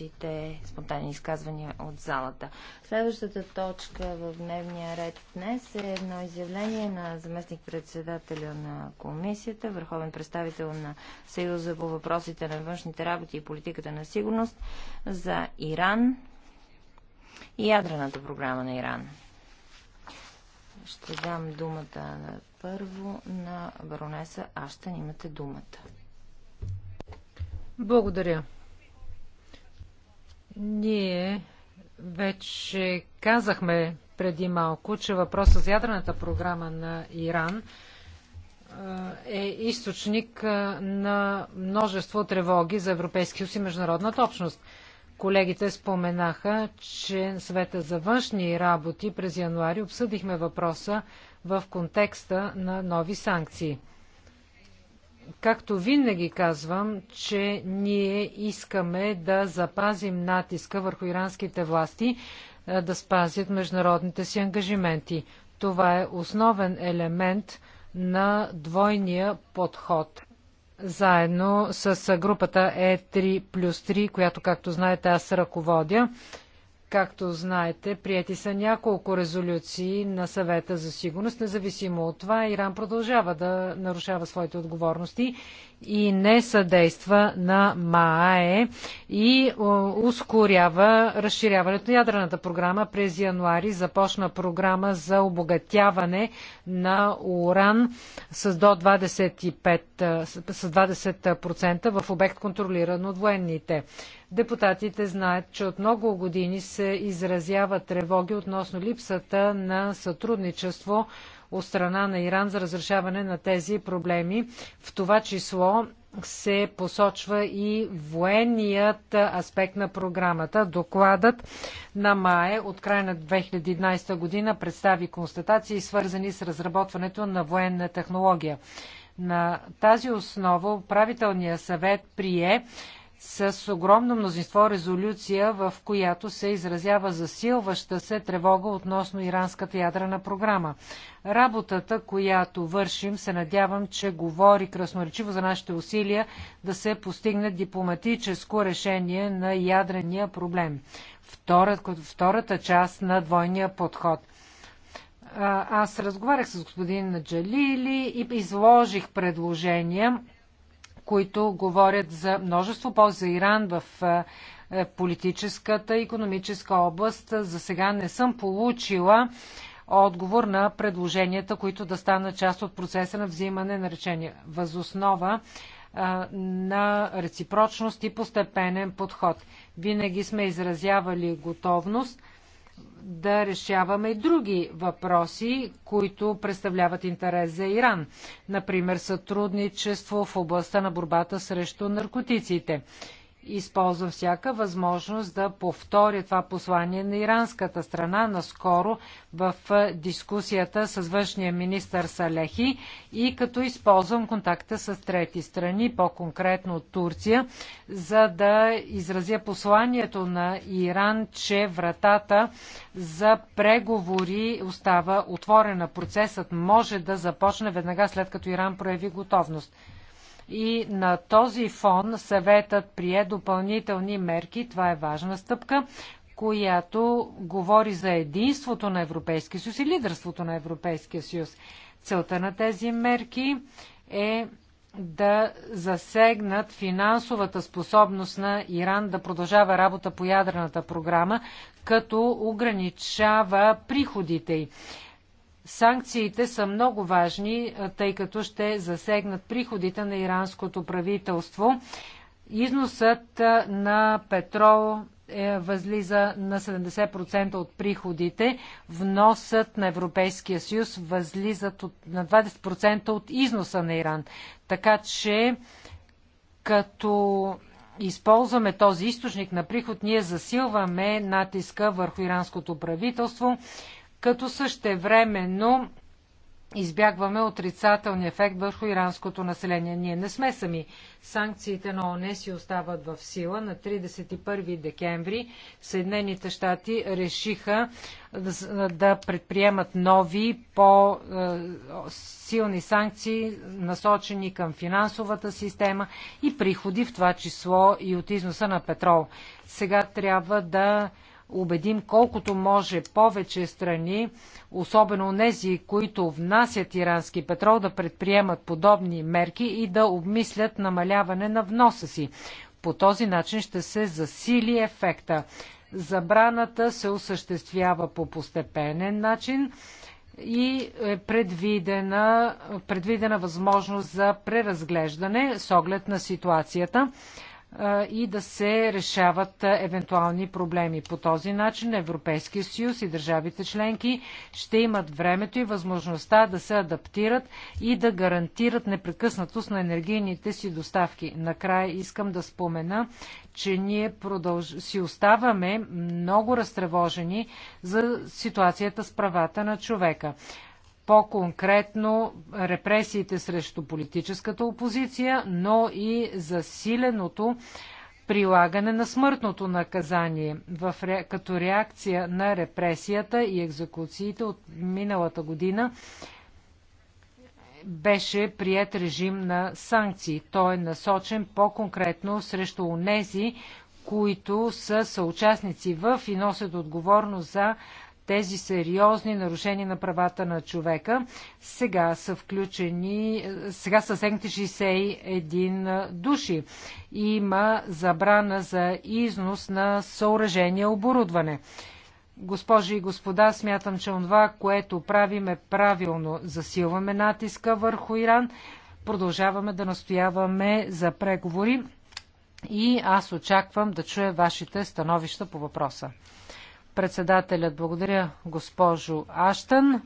реакциите, спонтанни изказвания от залата. Следващата точка в дневния ред днес е едно изявление на заместник-председателя на комисията, върховен представител на Съюза по въпросите на външните работи и политиката на сигурност за Иран и ядрената програма на Иран. Ще дам думата на първо на баронеса Аштан. Имате думата. Благодаря. Ние вече казахме преди малко, че въпросът за ядрената програма на Иран е източник на множество тревоги за Европейския и международната общност. Колегите споменаха, че съвета за външни работи през януари обсъдихме въпроса в контекста на нови санкции. Както винаги казвам, че ние искаме да запазим натиска върху иранските власти е, да спазят международните си ангажименти. Това е основен елемент на двойния подход. Заедно с е, групата Е3 плюс 3, която, както знаете, аз ръководя, Както знаете, прияти са няколко резолюции на съвета за сигурност. Независимо от това, Иран продължава да нарушава своите отговорности и не съдейства на МААЕ и ускорява разширяването на ядрената програма. През януари започна програма за обогатяване на уран с до 25, с 20% в обект контролиран от военните. Депутатите знаят, че от много години се изразяват тревоги относно липсата на сътрудничество от страна на Иран за разрешаване на тези проблеми. В това число се посочва и военният аспект на програмата. Докладът на МАЕ от края на 2011 година представи констатации, свързани с разработването на военна технология. На тази основа управителният съвет прие с огромно мнозинство резолюция, в която се изразява засилваща се тревога относно иранската ядрена програма. Работата, която вършим, се надявам, че говори красноречиво за нашите усилия да се постигне дипломатическо решение на ядрения проблем. Втората, втората част на двойния подход – аз разговарях с господин Джалили и изложих предложения които говорят за множество полза за Иран в е, е, политическата и економическа област. За сега не съм получила отговор на предложенията, които да станат част от процеса на взимане на речения. Възоснова е, на реципрочност и постепенен подход. Винаги сме изразявали готовност – да решаваме и други въпроси, които представляват интерес за Иран. Например, сътрудничество в областта на борбата срещу наркотиците използвам всяка възможност да повтори това послание на иранската страна. Наскоро в дискусията с външния министр Салехи и като използвам контакта с трети страни, по-конкретно от Турция, за да изразя посланието на Иран, че вратата за преговори остава отворена. Процесът може да започне веднага след като Иран прояви готовност. И на този фон съветът прие допълнителни мерки. Това е важна стъпка която говори за единството на Европейския съюз и лидерството на Европейския съюз. Целта на тези мерки е да засегнат финансовата способност на Иран да продължава работа по ядрената програма, като ограничава приходите й. Санкциите са много важни, тъй като ще засегнат приходите на иранското правителство. Износът на петрол е, възлиза на 70% от приходите, вносът на Европейския съюз възлизат на 20% от износа на Иран. Така че, като използваме този източник на приход, ние засилваме натиска върху иранското правителство като същевременно избягваме отрицателния ефект върху иранското население. Ние не сме сами. Санкциите на ОНЕ си остават в сила. На 31 декември Съединените щати решиха да предприемат нови, по-силни е, санкции, насочени към финансовата система и приходи, в това число и от износа на петрол. Сега трябва да убедим колкото може повече страни, особено тези, които внасят ирански петрол, да предприемат подобни мерки и да обмислят намаляване на вноса си. По този начин ще се засили ефекта. Забраната се осъществява по постепенен начин и е предвидена, предвидена възможност за преразглеждане с оглед на ситуацията и да се решават евентуални проблеми. По този начин Европейския съюз и държавите членки ще имат времето и възможността да се адаптират и да гарантират непрекъснатост на енергийните си доставки. Накрая искам да спомена, че ние продълж... си оставаме много разтревожени за ситуацията с правата на човека по-конкретно репресиите срещу политическата опозиция, но и засиленото прилагане на смъртното наказание в ре... като реакция на репресията и екзекуциите от миналата година беше прият режим на санкции. Той е насочен по-конкретно срещу онези, които са съучастници в и носят отговорност за тези сериозни нарушения на правата на човека. Сега са включени, сега са сегнати 61 души. Има забрана за износ на съоръжение, оборудване. Госпожи и господа, смятам, че това, което правим е правилно. Засилваме натиска върху Иран, продължаваме да настояваме за преговори и аз очаквам да чуя вашите становища по въпроса. Председателят, благодаря госпожо Аштън.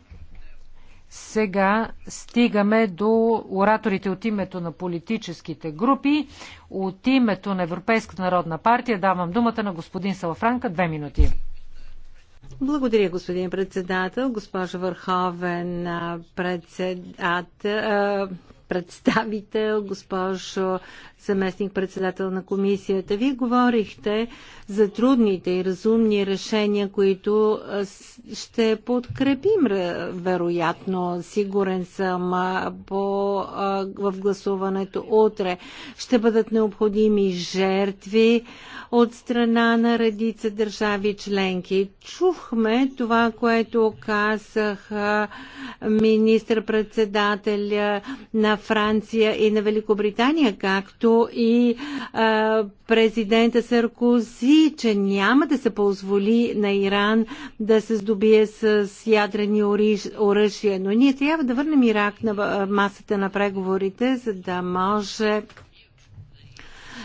Сега стигаме до ораторите от името на политическите групи. От името на Европейската народна партия давам думата на господин Салафранка. Две минути. Благодаря, господин председател, госпожо Върховен председател представител, госпожо заместник председател на комисията. Вие говорихте за трудните и разумни решения, които ще подкрепим, вероятно, сигурен съм, по, в гласуването утре. Ще бъдат необходими жертви от страна на редица държави членки. Чухме това, което казах министър-председателя на Франция и на Великобритания, както и а, президента Саркози, че няма да се позволи на Иран да се здобие с ядрени оръжия. Но ние трябва да върнем Ирак на масата на преговорите, за да може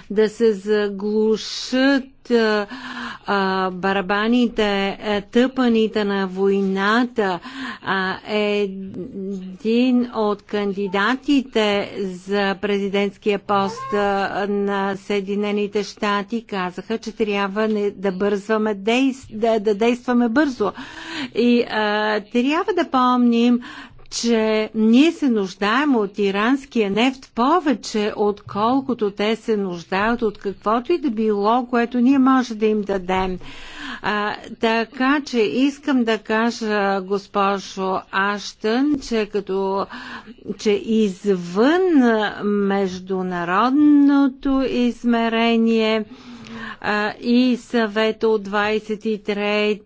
да се заглушат а, барабаните, е, тъпаните на войната. А, е един от кандидатите за президентския пост на Съединените щати казаха, че трябва да бързваме да, да действаме бързо. И а, трябва да помним, че ние се нуждаем от иранския нефт повече, отколкото те се нуждаят от каквото и да било, което ние може да им дадем. А, така че искам да кажа, госпожо Аштън, че като че извън международното измерение а, и съвета от 23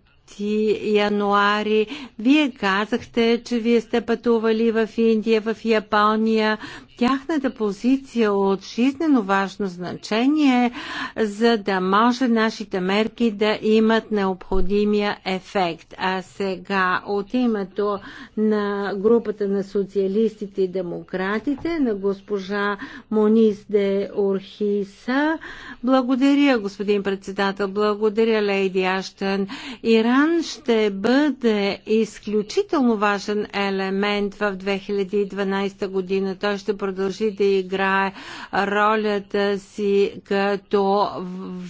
януари. Вие казахте, че вие сте пътували в Индия, в Япония, тяхната позиция е от жизнено важно значение, за да може нашите мерки да имат необходимия ефект. А сега от името на групата на социалистите и демократите, на госпожа Монис де Орхиса, благодаря, господин председател, благодаря, лейди Аштън. Иран ще бъде изключително важен елемент в 2012 година. Той ще продължи да играе ролята си като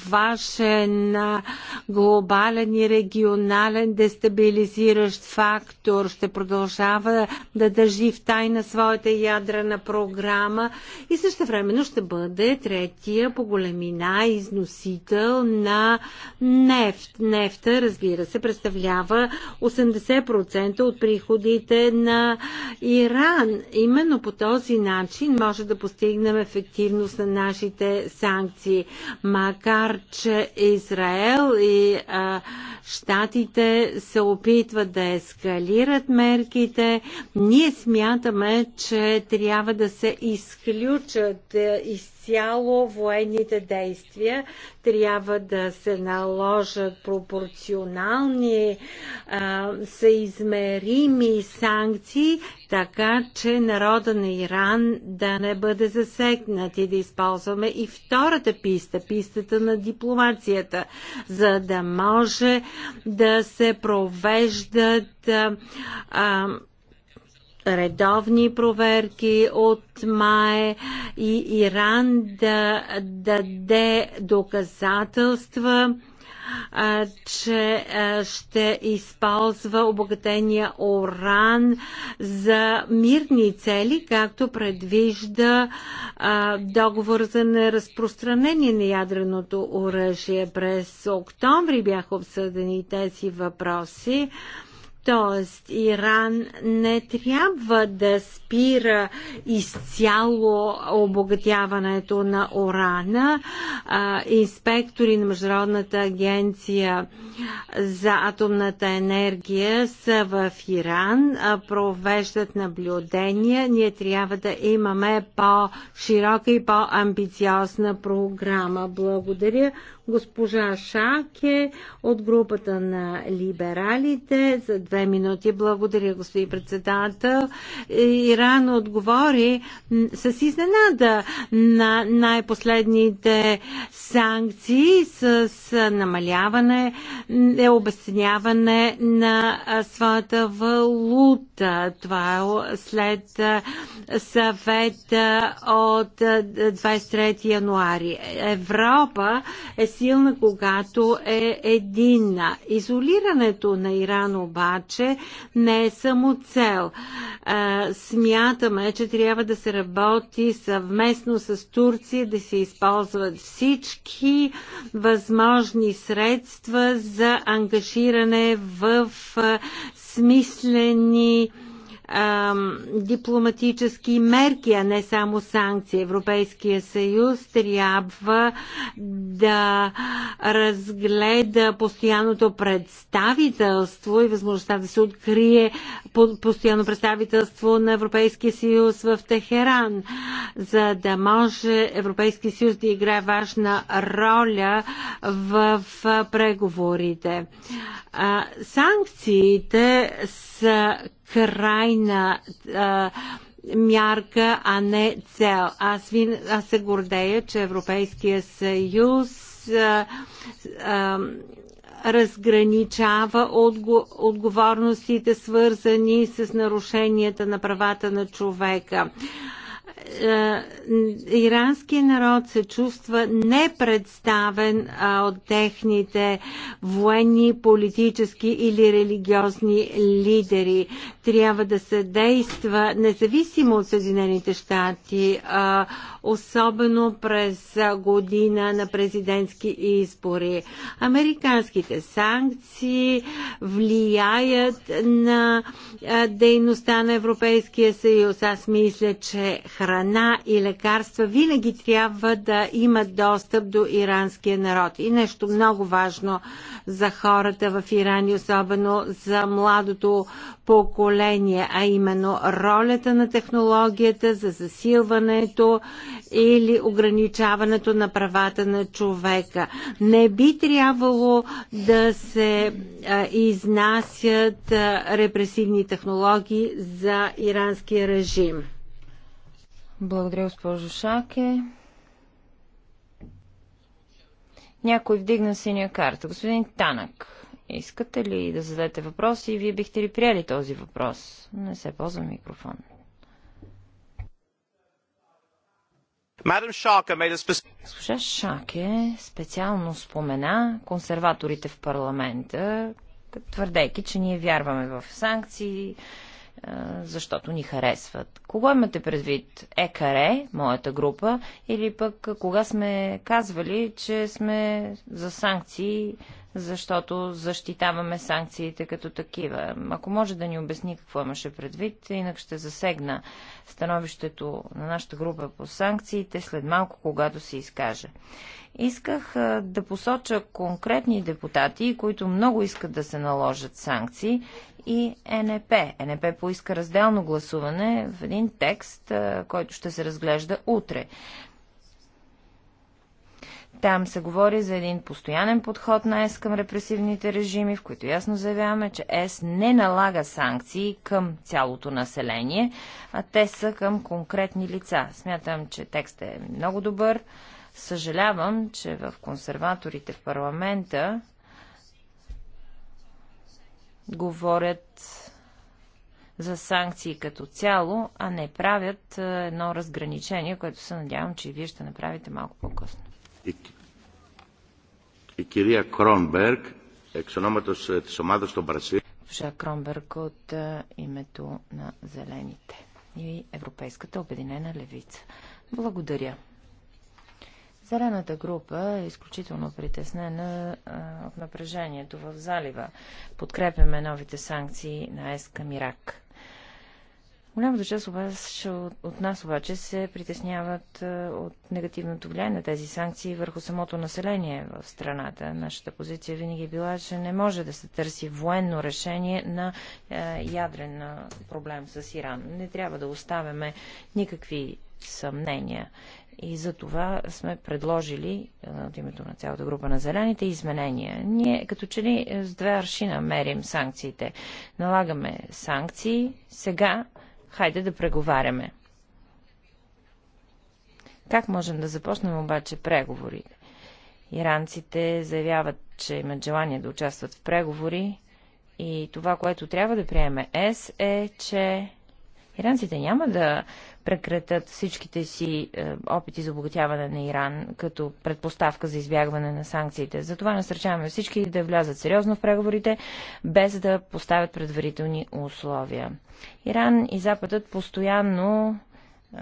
важен глобален и регионален дестабилизиращ фактор. Ще продължава да държи в тайна своята ядрена програма и също времено ще бъде третия по големина износител на нефт. Нефта, разбира се, представлява 80% от приходите на Иран. Именно по този начин начин може да постигнем ефективност на нашите санкции. Макар, че Израел и а, щатите се опитват да ескалират мерките, ние смятаме, че трябва да се изключат из изцяло военните действия. Трябва да се наложат пропорционални, а, съизмерими санкции, така че народа на Иран да не бъде засегнат и да използваме и втората писта, пистата на дипломацията, за да може да се провеждат а, а, редовни проверки от МАЕ и Иран да даде доказателства че ще използва обогатения уран за мирни цели, както предвижда договор за неразпространение на ядреното оръжие. През октомври бяха обсъдени тези въпроси. Тоест, Иран не трябва да спира изцяло обогатяването на урана. инспектори на Международната агенция за атомната енергия са в Иран, провеждат наблюдения. Ние трябва да имаме по-широка и по-амбициозна програма. Благодаря госпожа Шаке от групата на либералите за две минути. Благодаря, господин председател. Иран отговори с изненада на най-последните санкции с намаляване, и е обесценяване на своята валута. Това е след съвет от 23 януари. Европа е силна, когато е единна. Изолирането на Иран обаче не е само цел. Смятаме, че трябва да се работи съвместно с Турция, да се използват всички възможни средства за ангажиране в смислени дипломатически мерки, а не само санкции. Европейския съюз трябва да разгледа постоянното представителство и възможността да се открие постоянно представителство на Европейския съюз в Техеран, за да може Европейския съюз да играе важна роля в преговорите. Санкциите са крайна а, мярка, а не цел. Аз, ви аз се гордея, че Европейския съюз а, а, разграничава отго, отговорностите, свързани с нарушенията на правата на човека. А, е, иранският народ се чувства непредставен от техните военни, политически или религиозни лидери. Трябва да се действа независимо от Съединените щати, особено през година на президентски избори. Американските санкции влияят на дейността на Европейския съюз. Аз мисля, че храна храна и лекарства винаги трябва да имат достъп до иранския народ. И нещо много важно за хората в Иран и особено за младото поколение, а именно ролята на технологията за засилването или ограничаването на правата на човека. Не би трябвало да се а, изнасят а, репресивни технологии за иранския режим. Благодаря, госпожо Шаке. Някой вдигна синя карта. Господин Танък, искате ли да зададете въпрос и вие бихте ли приели този въпрос? Не се ползва микрофон. Госпожа Шаке специално спомена консерваторите в парламента, твърдейки, че ние вярваме в санкции, защото ни харесват. Кога имате предвид? ЕКАРЕ, моята група, или пък кога сме казвали, че сме за санкции, защото защитаваме санкциите като такива? Ако може да ни обясни какво имаше предвид, инак ще засегна становището на нашата група по санкциите след малко, когато се изкаже. Исках да посоча конкретни депутати, които много искат да се наложат санкции и НП. НП поиска разделно гласуване в един текст, който ще се разглежда утре. Там се говори за един постоянен подход на ЕС към репресивните режими, в които ясно заявяваме, че ЕС не налага санкции към цялото население, а те са към конкретни лица. Смятам, че текстът е много добър. Съжалявам, че в консерваторите в парламента говорят за санкции като цяло, а не правят едно разграничение, което се надявам, че вие ще направите малко по-късно. И, и кирия Кронберг, ексономата с ομάδας των Госпожа Кронберг от името на Зелените и Европейската обединена левица. Благодаря. Зелената група е изключително притеснена от напрежението в залива. Подкрепяме новите санкции на ЕС към Ирак. Голямата част вас от нас обаче се притесняват от негативното влияние на тези санкции върху самото население в страната. Нашата позиция винаги е била, че не може да се търси военно решение на ядрен проблем с Иран. Не трябва да оставяме никакви съмнения. И за това сме предложили от името на цялата група на зелените изменения. Ние като че ли е, с две аршина мерим санкциите. Налагаме санкции, сега хайде да преговаряме. Как можем да започнем обаче преговорите? Иранците заявяват, че имат желание да участват в преговори и това, което трябва да приеме ЕС е, че Иранците няма да прекратят всичките си е, опити за обогатяване на Иран като предпоставка за избягване на санкциите. Затова насърчаваме всички да влязат сериозно в преговорите, без да поставят предварителни условия. Иран и Западът постоянно е,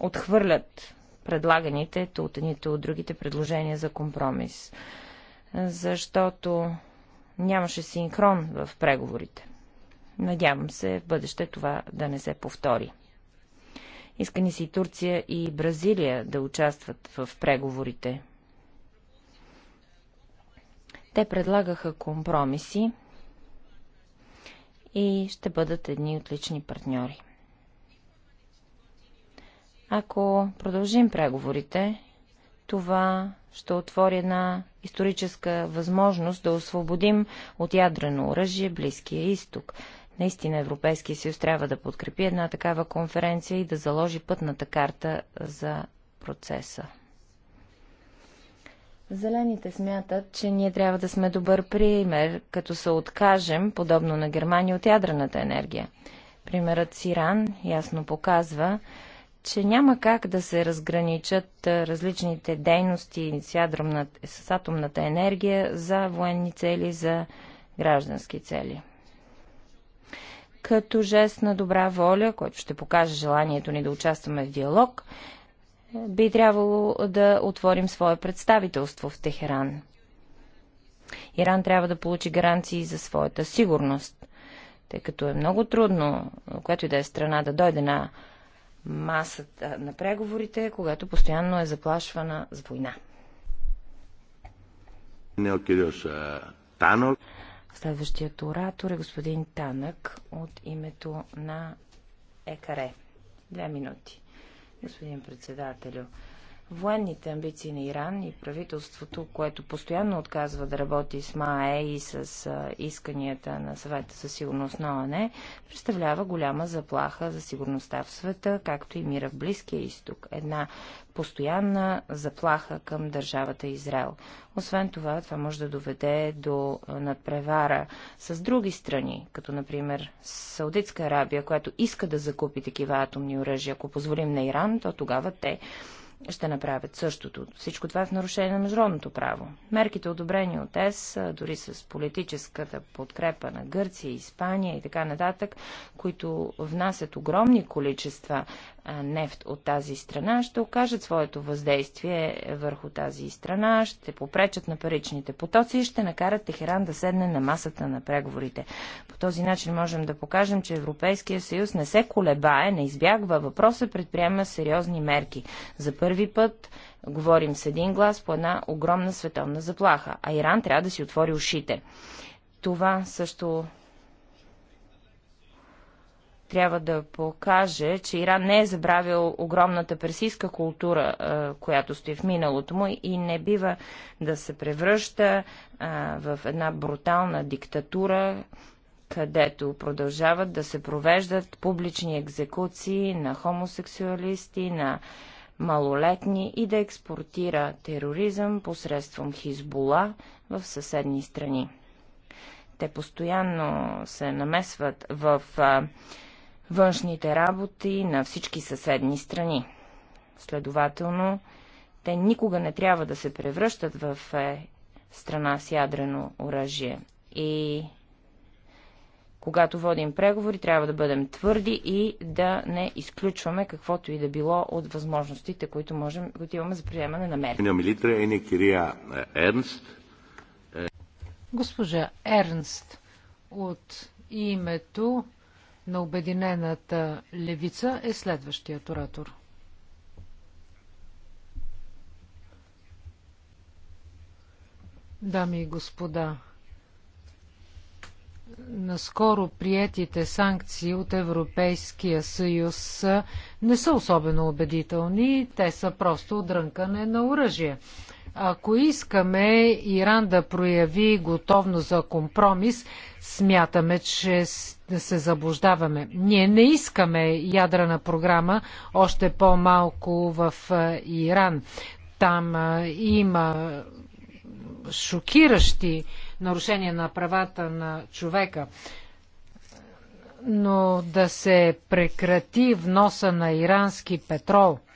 отхвърлят предлаганите от едните от другите предложения за компромис, защото нямаше синхрон в преговорите. Надявам се в бъдеще това да не се повтори. Искани си Турция и Бразилия да участват в преговорите. Те предлагаха компромиси и ще бъдат едни отлични партньори. Ако продължим преговорите, това ще отвори една историческа възможност да освободим от ядрено оръжие Близкия изток. Наистина Европейския съюз трябва да подкрепи една такава конференция и да заложи пътната карта за процеса. Зелените смятат, че ние трябва да сме добър пример, като се откажем, подобно на Германия, от ядрената енергия. Примерът с Иран ясно показва, че няма как да се разграничат различните дейности с, ядромната, с атомната енергия за военни цели, за граждански цели като жест на добра воля, който ще покаже желанието ни да участваме в диалог, би трябвало да отворим свое представителство в Техеран. Иран трябва да получи гаранции за своята сигурност, тъй като е много трудно, което и да е страна, да дойде на масата на преговорите, когато постоянно е заплашвана с война. Следващият оратор е господин Танък от името на ЕКАРЕ. Две минути. Господин председателю, Военните амбиции на Иран и правителството, което постоянно отказва да работи с МАЕ и с исканията на съвета за сигурност на ОНЕ, представлява голяма заплаха за сигурността в света, както и мира в Близкия изток. Една постоянна заплаха към държавата Израел. Освен това, това може да доведе до надпревара с други страни, като например Саудитска Арабия, която иска да закупи такива атомни оръжия. Ако позволим на Иран, то тогава те ще направят същото. Всичко това е в нарушение на международното право. Мерките, одобрени от ЕС, дори с политическата подкрепа на Гърция, Испания и така нататък, които внасят огромни количества нефт от тази страна, ще окажат своето въздействие върху тази страна, ще попречат на паричните потоци и ще накарат Техеран да седне на масата на преговорите. По този начин можем да покажем, че Европейския съюз не се колебае, не избягва въпроса, предприема сериозни мерки. За първи път говорим с един глас по една огромна световна заплаха, а Иран трябва да си отвори ушите. Това също трябва да покаже, че Иран не е забравил огромната персийска култура, която стои в миналото му и не бива да се превръща в една брутална диктатура, където продължават да се провеждат публични екзекуции на хомосексуалисти, на малолетни и да експортира тероризъм посредством Хизбола в съседни страни. Те постоянно се намесват в а, външните работи на всички съседни страни. Следователно, те никога не трябва да се превръщат в е, страна с ядрено оръжие. И когато водим преговори, трябва да бъдем твърди и да не изключваме каквото и да било от възможностите, които, можем, които имаме за приемане на мерки. Е, Госпожа Ернст от името на Обединената левица е следващият оратор. Дами и господа, наскоро приетите санкции от Европейския съюз не са особено убедителни, те са просто дрънкане на оръжие. Ако искаме Иран да прояви готовност за компромис, смятаме, че се заблуждаваме. Ние не искаме ядрена програма, още по-малко в Иран. Там има шокиращи нарушения на правата на човека. Но да се прекрати вноса на ирански петрол –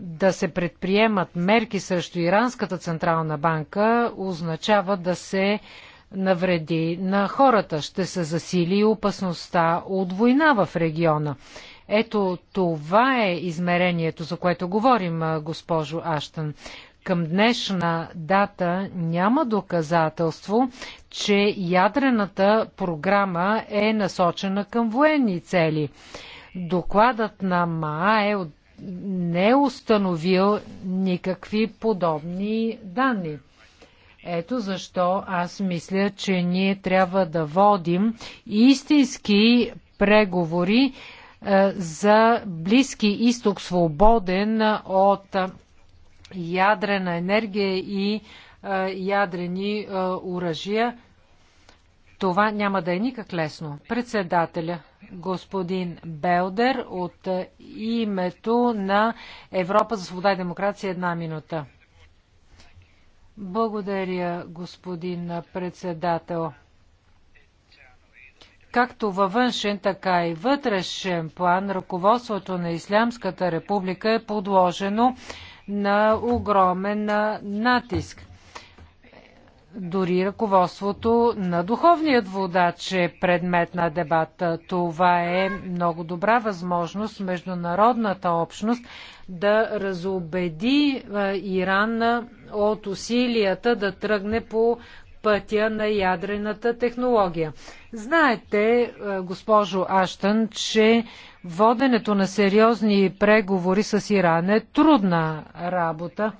да се предприемат мерки срещу Иранската централна банка означава да се навреди на хората. Ще се засили опасността от война в региона. Ето това е измерението, за което говорим, госпожо Аштън. Към днешна дата няма доказателство, че ядрената програма е насочена към военни цели. Докладът на МАЕ от не е установил никакви подобни данни. Ето защо аз мисля, че ние трябва да водим истински преговори е, за Близки изток свободен от ядрена енергия и е, ядрени е, оръжия. Това няма да е никак лесно. Председателя, господин Белдер от е, името на Европа за свобода и демокрация. Една минута. Благодаря, господин председател. Както във външен, така и вътрешен план, ръководството на Ислямската република е подложено на огромен натиск. Дори ръководството на духовният водач е предмет на дебата. Това е много добра възможност международната общност да разобеди е, Иран от усилията да тръгне по пътя на ядрената технология. Знаете, е, госпожо Аштън, че воденето на сериозни преговори с Иран е трудна работа.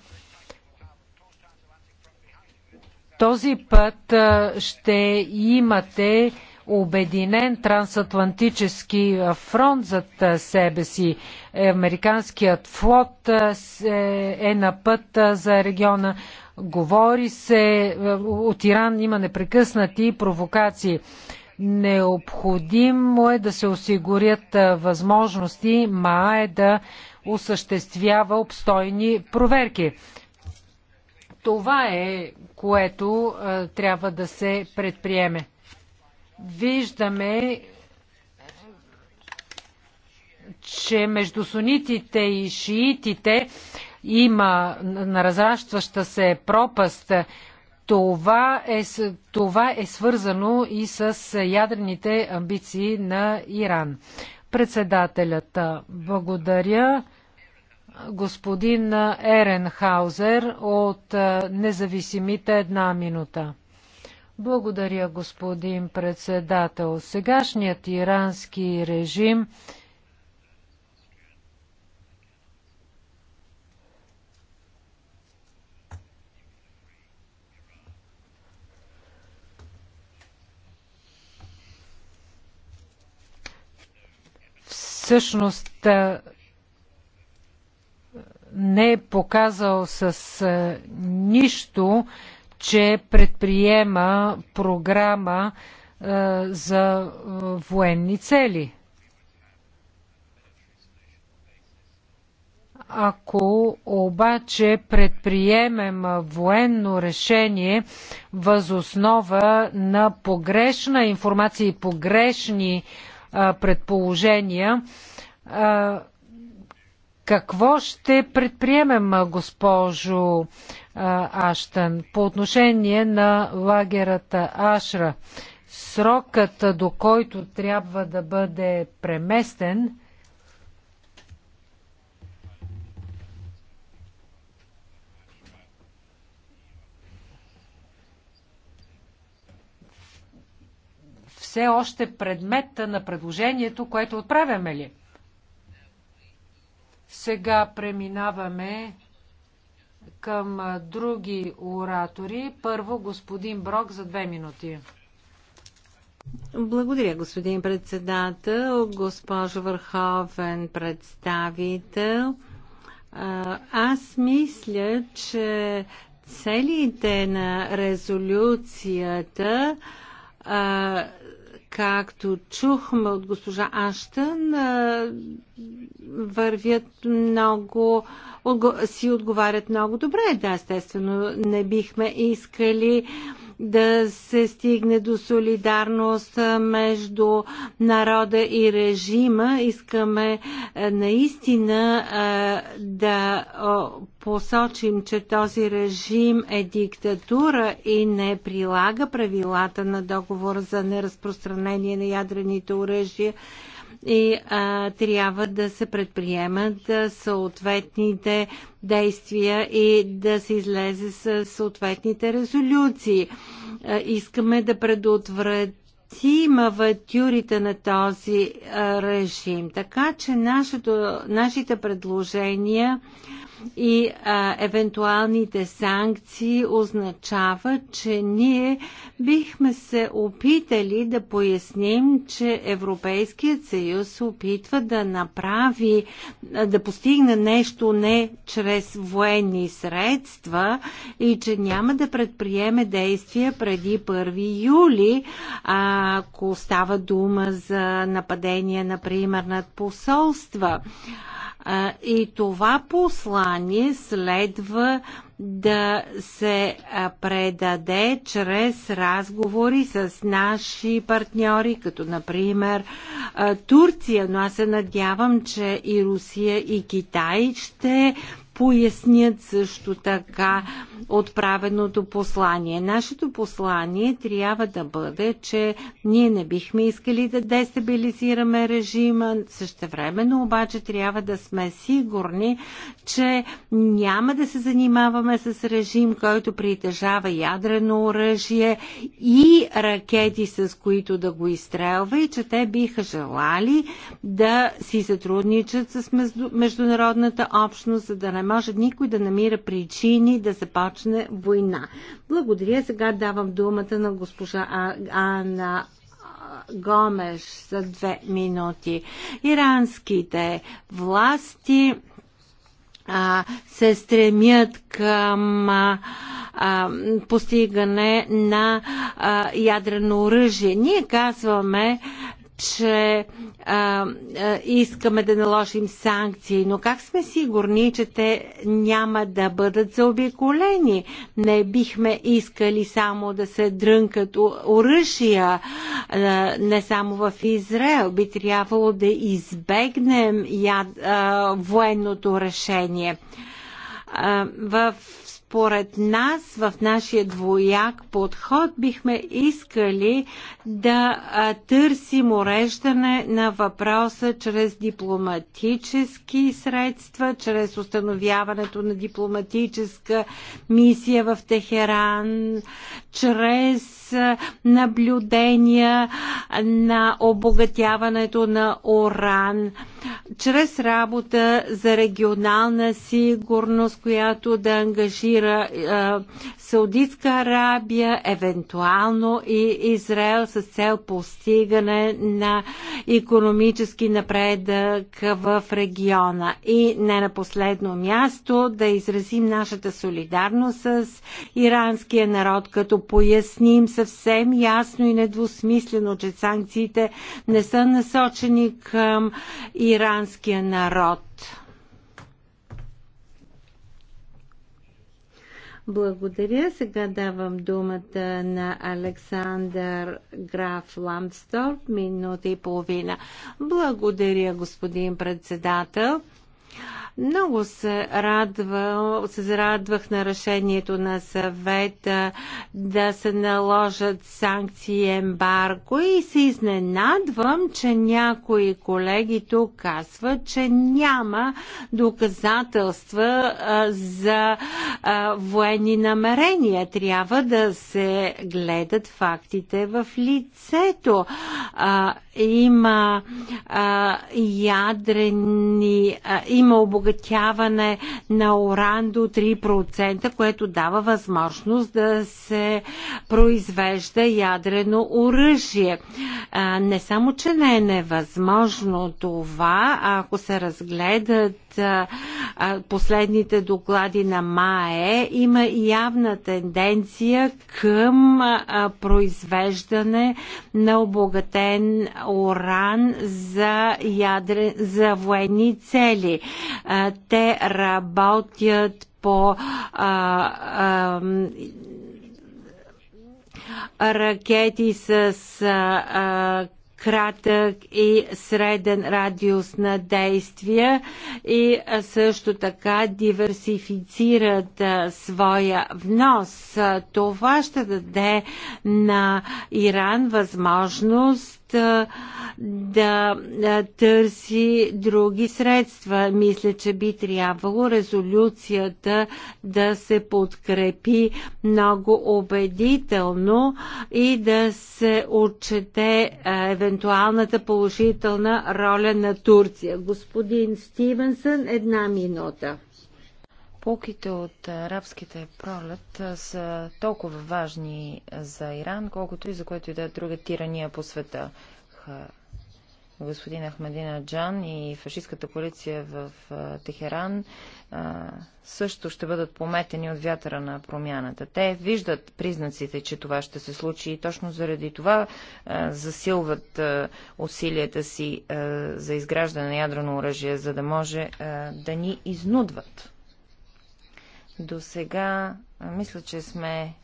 Този път ще имате обединен трансатлантически фронт зад себе си. Американският флот е, е на път за региона. Говори се, от Иран има непрекъснати провокации. Необходимо е да се осигурят възможности МАЕ да осъществява обстойни проверки. Това е, което а, е, трябва да се предприеме. Виждаме, че между сунитите и шиитите има наразрастваща се пропаст. Това е, това е свързано и с ядрените амбиции на Иран. Председателят, благодаря господин Еренхаузер от Независимите една минута. Благодаря, господин председател. Сегашният ирански режим всъщност не е показал с е, нищо, че предприема програма е, за е, военни цели. Ако обаче предприемем военно решение възоснова на погрешна информация и погрешни предположения, какво ще предприемем, госпожо Аштън, по отношение на лагерата Ашра? Срокът, до който трябва да бъде преместен, все още предмета на предложението, което отправяме ли? Сега преминаваме към други оратори. Първо господин Брок за две минути. Благодаря, господин председател, госпожо върховен представител. Аз мисля, че целите на резолюцията Както чухме от госпожа Аштън, вървят много, си отговарят много добре. Да, естествено, не бихме искали да се стигне до солидарност между народа и режима. Искаме наистина да посочим, че този режим е диктатура и не прилага правилата на договор за неразпространение на ядрените оръжия и а, трябва да се предприемат съответните действия и да се излезе с съответните резолюции. А, искаме да предотвратим аватюрите на този режим. Така че нашето, нашите предложения и а, евентуалните санкции означава, че ние бихме се опитали да поясним, че Европейският съюз се опитва да направи, да постигне нещо не чрез военни средства и че няма да предприеме действия преди 1 юли, ако става дума за нападение, например, над посолства. И това послание следва да се предаде чрез разговори с наши партньори, като например Турция, но аз се надявам, че и Русия и Китай ще пояснят също така отправеното послание. Нашето послание трябва да бъде, че ние не бихме искали да дестабилизираме режима, същевременно обаче трябва да сме сигурни, че няма да се занимаваме с режим, който притежава ядрено оръжие и ракети, с които да го изстрелва и че те биха желали да си сътрудничат с международната общност, за да не може никой да намира причини да започне започне война. Благодаря. Сега давам думата на госпожа Анна Гомеш за две минути. Иранските власти а, се стремят към а, а, постигане на а, ядрено оръжие. Ние казваме, че а, а, искаме да наложим санкции, но как сме сигурни, че те няма да бъдат заобиколени? Не бихме искали само да се дрънкат оръжия, не само в Израел. Би трябвало да избегнем я, а, военното решение. А, в според нас, в нашия двояк подход, бихме искали да търсим уреждане на въпроса чрез дипломатически средства, чрез установяването на дипломатическа мисия в Техеран, чрез наблюдения на обогатяването на уран, чрез работа за регионална сигурност, която да ангажира е, Саудитска Арабия, евентуално и Израел с цел постигане на економически напредък в региона. И не на последно място да изразим нашата солидарност с иранския народ, като поясним съвсем ясно и недвусмислено, че санкциите не са насочени към иранския народ. Благодаря. Сега давам думата на Александър Граф Ламсторп, минута и половина. Благодаря, господин председател. Много се радва, се зарадвах на решението на съвета да се наложат санкции ембарго и се изненадвам, че някои колеги тук казват, че няма доказателства а, за а, военни намерения. Трябва да се гледат фактите в лицето. А, има а, ядрени, а, има обогатяване на уран до 3%, което дава възможност да се произвежда ядрено оръжие. не само, че не е невъзможно това, ако се разгледат последните доклади на МАЕ, има явна тенденция към произвеждане на обогатен уран за, ядре за военни цели. Те работят по а, а, ракети с а, кратък и среден радиус на действия и също така диверсифицират своя внос. Това ще даде на Иран възможност да търси други средства. Мисля, че би трябвало резолюцията да се подкрепи много убедително и да се отчете евентуалната положителна роля на Турция. Господин Стивенсън, една минута. Полките от арабските пролет са толкова важни за Иран, колкото и за което и да е друга тирания по света. Господин Ахмадина Джан и фашистската коалиция в Техеран също ще бъдат пометени от вятъра на промяната. Те виждат признаците, че това ще се случи и точно заради това засилват усилията си за изграждане на ядрено оръжие, за да може да ни изнудват. До сега мисля, че сме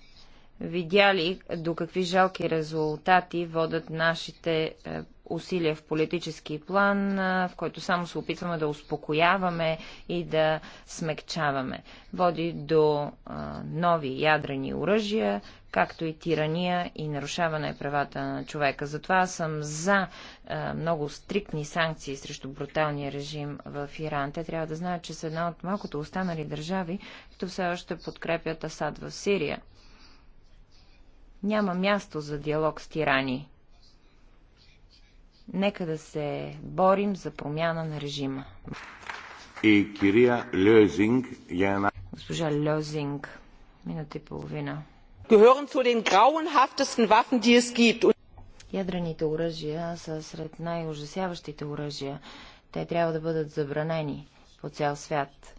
видяли до какви жалки резултати водят нашите е, усилия в политически план, в който само се опитваме да успокояваме и да смекчаваме. Води до а, нови ядрени оръжия, както и тирания и нарушаване правата на човека. Затова съм за а, много стриктни санкции срещу бруталния режим в Иран. Те трябва да знаят, че са една от малкото останали държави, които все още подкрепят Асад в Сирия. Няма място за диалог с тирани Нека да се борим за промяна на режима. И кирия Льозинг, една... Госпожа Льозинг, минута и половина. Ядрените оръжия са сред най-ужасяващите оръжия. Те трябва да бъдат забранени по цял свят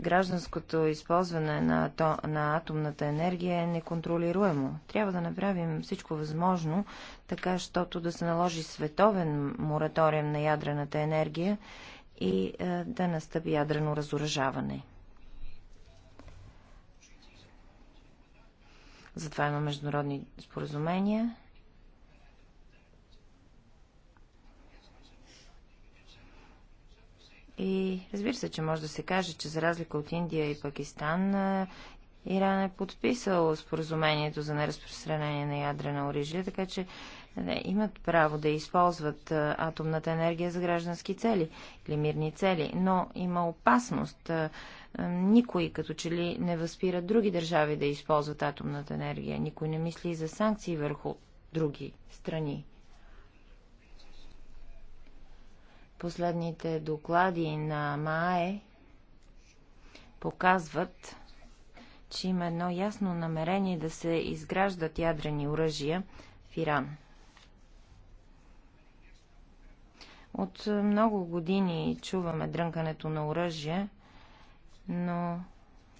гражданското използване на, то, на атомната енергия е неконтролируемо. Трябва да направим всичко възможно, така, щото да се наложи световен мораториум на ядрената енергия и е, да настъпи ядрено разоръжаване. Затова има международни споразумения И разбира се, че може да се каже, че за разлика от Индия и Пакистан, Иран е подписал споразумението за неразпространение на ядрена оръжие, така че не, имат право да използват атомната енергия за граждански цели или мирни цели, но има опасност. никой като че ли не възпира други държави да използват атомната енергия. Никой не мисли и за санкции върху други страни. Последните доклади на МАЕ показват, че има едно ясно намерение да се изграждат ядрени оръжия в Иран. От много години чуваме дрънкането на оръжие, но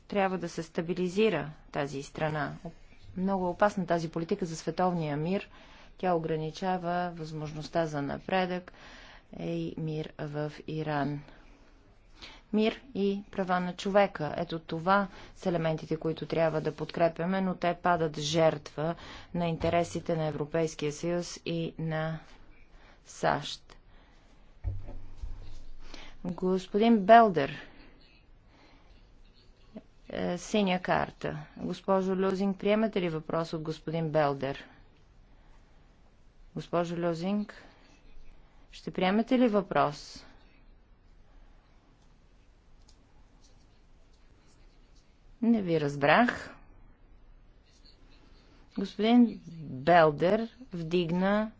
трябва да се стабилизира тази страна. Много опасна тази политика за световния мир. Тя ограничава възможността за напредък, и мир в Иран. Мир и права на човека. Ето това са елементите, които трябва да подкрепяме, но те падат жертва на интересите на Европейския съюз и на САЩ. Господин Белдер, е, синя карта. Госпожо Люзинг, приемате ли въпрос от господин Белдер? Госпожо Люзинг? Ще приемете ли въпрос? Не ви разбрах. Господин Белдер вдигна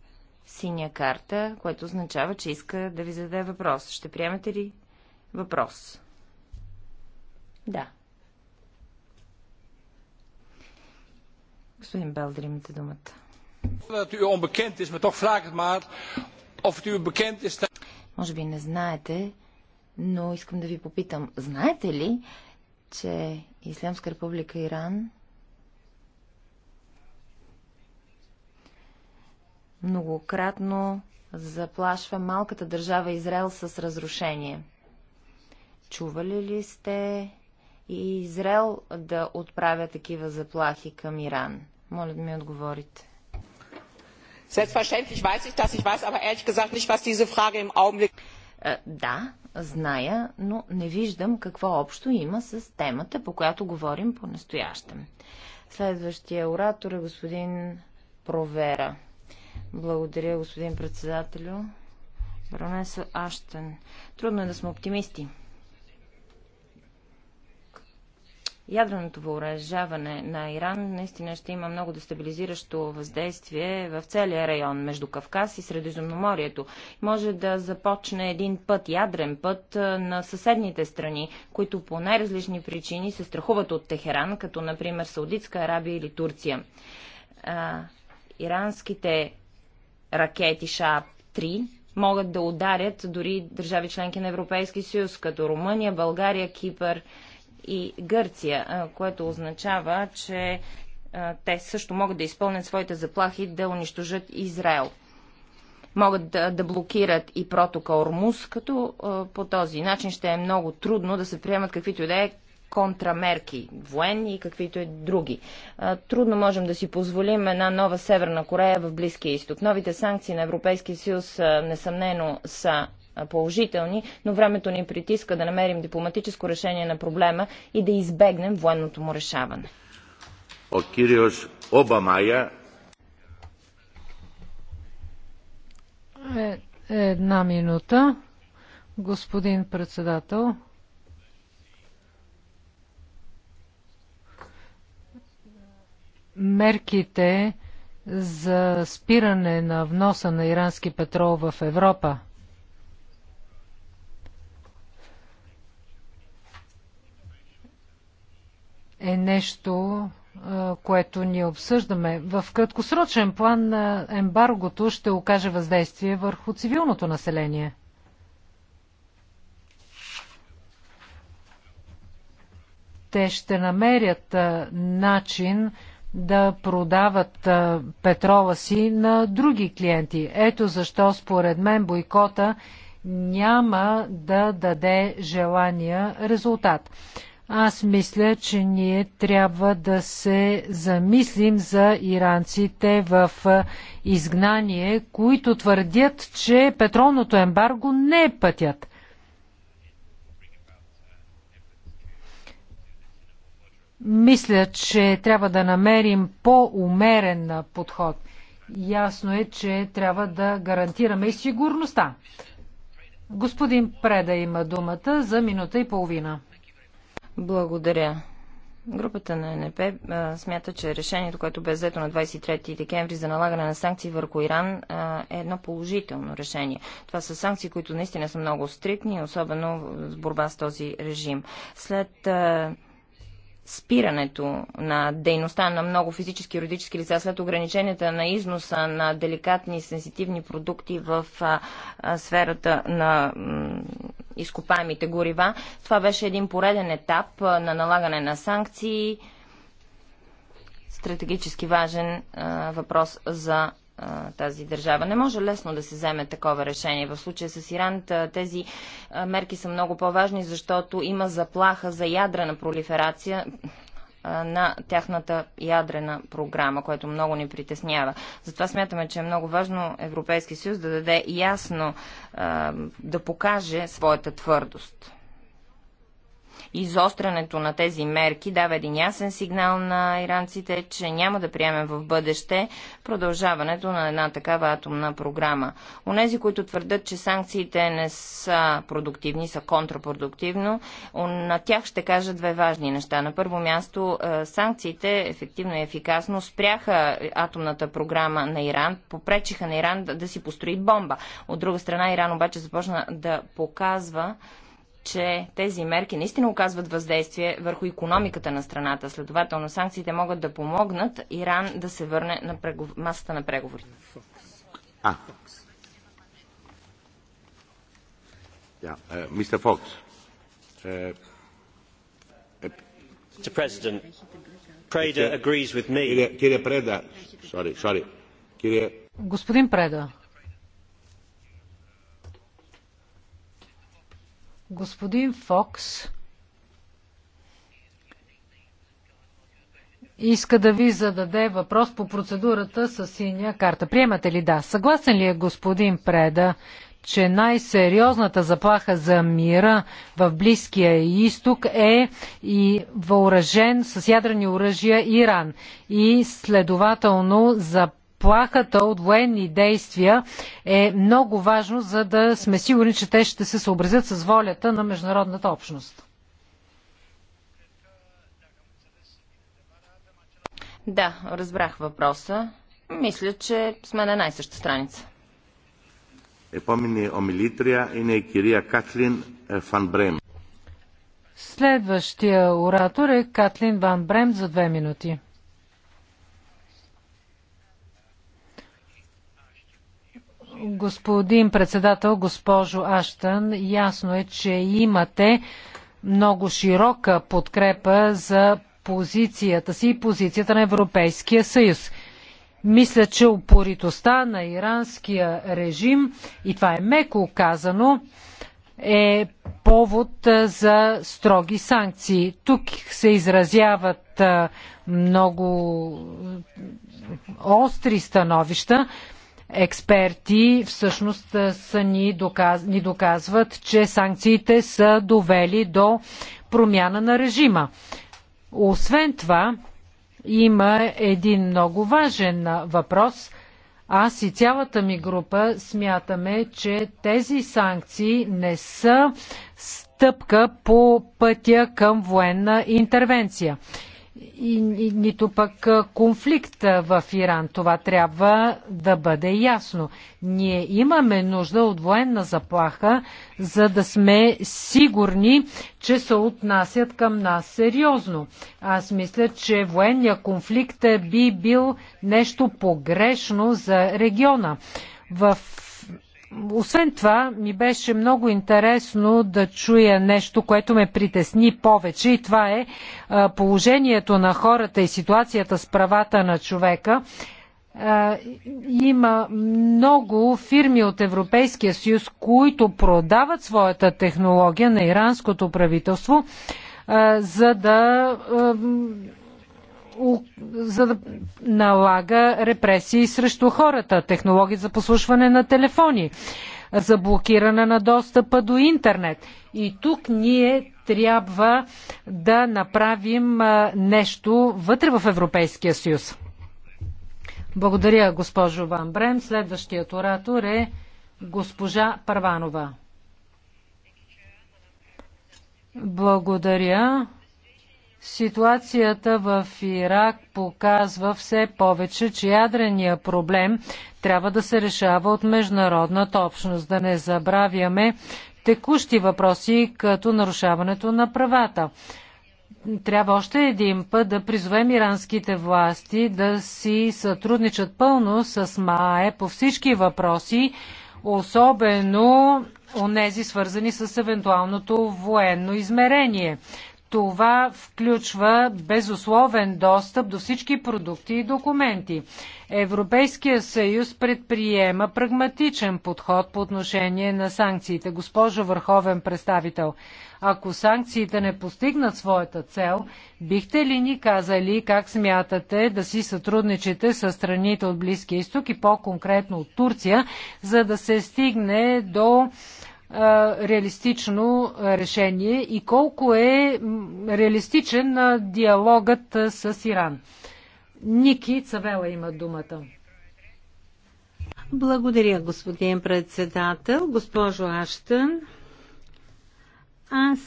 синя карта, което означава, че иска да ви зададе въпрос. Ще приемете ли въпрос? Да. Господин Белдер, имате думата. Може би не знаете, но искам да ви попитам. Знаете ли, че Ислямска република Иран многократно заплашва малката държава Израел с разрушение? Чували ли сте и Израел да отправя такива заплахи към Иран? Моля да ми отговорите. Selbstverständlich weiß ich das, ich weiß aber ehrlich gesagt nicht, was diese Frage im Augenblick. Е, да, зная, но не виждам какво общо има с темата, по която говорим по-настоящем. Следващия оратор е господин Провера. Благодаря, господин председателю. Баронеса Аштен. Трудно е да сме оптимисти. ядреното въоръжаване на Иран наистина ще има много дестабилизиращо въздействие в целия район между Кавказ и Средиземноморието. Може да започне един път, ядрен път на съседните страни, които по най-различни причини се страхуват от Техеран, като например Саудитска Арабия или Турция. А, иранските ракети ШАП-3 могат да ударят дори държави членки на Европейски съюз, като Румъния, България, Кипър, и Гърция, което означава, че те също могат да изпълнят своите заплахи да унищожат Израел. Могат да, да блокират и протока Ормуз, като по този начин ще е много трудно да се приемат каквито и да е контрамерки, военни и каквито и други. Трудно можем да си позволим една нова Северна Корея в Близкия изток. Новите санкции на Европейския съюз несъмнено са положителни, но времето ни притиска да намерим дипломатическо решение на проблема и да избегнем военното му решаване. О Обамая. Е, една минута. Господин председател, мерките за спиране на вноса на ирански петрол в Европа – е нещо, което ние обсъждаме. В краткосрочен план ембаргото ще окаже въздействие върху цивилното население. Те ще намерят начин да продават петрола си на други клиенти. Ето защо според мен бойкота няма да даде желания резултат. Аз мисля, че ние трябва да се замислим за иранците в изгнание, които твърдят, че петролното ембарго не е пътят. Мисля, че трябва да намерим по-умерен подход. Ясно е, че трябва да гарантираме и сигурността. Господин Преда има думата за минута и половина. Благодаря. Групата на НП а, смята, че решението, което бе взето на 23 декември за налагане на санкции върху Иран а, е едно положително решение. Това са санкции, които наистина са много стриктни, особено в борба с този режим. След а, спирането на дейността на много физически и юридически лица след ограниченията на износа на деликатни и сенситивни продукти в а, а, сферата на изкопаемите горива. Това беше един пореден етап а, на налагане на санкции. Стратегически важен въпрос за тази държава. Не може лесно да се вземе такова решение. В случая с Иран тези мерки са много по-важни, защото има заплаха за ядрена пролиферация на тяхната ядрена програма, което много ни притеснява. Затова смятаме, че е много важно Европейски съюз да даде ясно да покаже своята твърдост. Изострянето на тези мерки дава един ясен сигнал на иранците, че няма да приемем в бъдеще продължаването на една такава атомна програма. Онези, които твърдят, че санкциите не са продуктивни, са контрапродуктивно, на тях ще кажа две важни неща. На първо място, е, санкциите ефективно и ефикасно спряха атомната програма на Иран, попречиха на Иран да си построи бомба. От друга страна, Иран обаче започна да показва, че тези мерки наистина оказват въздействие върху економиката на страната. Следователно, санкциите могат да помогнат Иран да се върне на прегов... масата на преговори. А. Мистер Фокс. Uh, uh, uh, Господин Преда, Господин Фокс иска да ви зададе въпрос по процедурата с синя карта. Приемате ли да? Съгласен ли е господин Преда, че най-сериозната заплаха за мира в Близкия изток е и въоръжен с ядрени оръжия Иран и следователно за заплахата от военни действия е много важно, за да сме сигурни, че те ще се съобразят с волята на международната общност. Да, разбрах въпроса. Мисля, че сме на най-съща страница. Е, Следващия оратор е Катлин Ван Брем за две минути. Господин председател, госпожо Аштън, ясно е, че имате много широка подкрепа за позицията си и позицията на Европейския съюз. Мисля, че упоритостта на иранския режим, и това е меко казано, е повод за строги санкции. Тук се изразяват много остри становища експерти всъщност са ни, доказ, ни доказват, че санкциите са довели до промяна на режима. Освен това, има един много важен въпрос. Аз и цялата ми група смятаме, че тези санкции не са стъпка по пътя към военна интервенция и, и нито пък конфликт в Иран. Това трябва да бъде ясно. Ние имаме нужда от военна заплаха, за да сме сигурни, че се отнасят към нас сериозно. Аз мисля, че военния конфликт би бил нещо погрешно за региона. В освен това, ми беше много интересно да чуя нещо, което ме притесни повече и това е положението на хората и ситуацията с правата на човека има много фирми от Европейския съюз, които продават своята технология на иранското правителство, за да за да налага репресии срещу хората, технологии за послушване на телефони, за блокиране на достъпа до интернет. И тук ние трябва да направим нещо вътре в Европейския съюз. Благодаря, госпожо Ван Брем. Следващият оратор е госпожа Парванова. Благодаря. Ситуацията в Ирак показва все повече, че ядрения проблем трябва да се решава от международната общност. Да не забравяме текущи въпроси, като нарушаването на правата. Трябва още един път да призовем иранските власти да си сътрудничат пълно с МАЕ по всички въпроси, особено онези свързани с евентуалното военно измерение. Това включва безусловен достъп до всички продукти и документи. Европейския съюз предприема прагматичен подход по отношение на санкциите. Госпожо Върховен представител, ако санкциите не постигнат своята цел, бихте ли ни казали как смятате да си сътрудничите с страните от Близкия изток и по-конкретно от Турция, за да се стигне до реалистично решение и колко е реалистичен диалогът с Иран. Ники Цавела има думата. Благодаря, господин председател. Госпожо Аштън, аз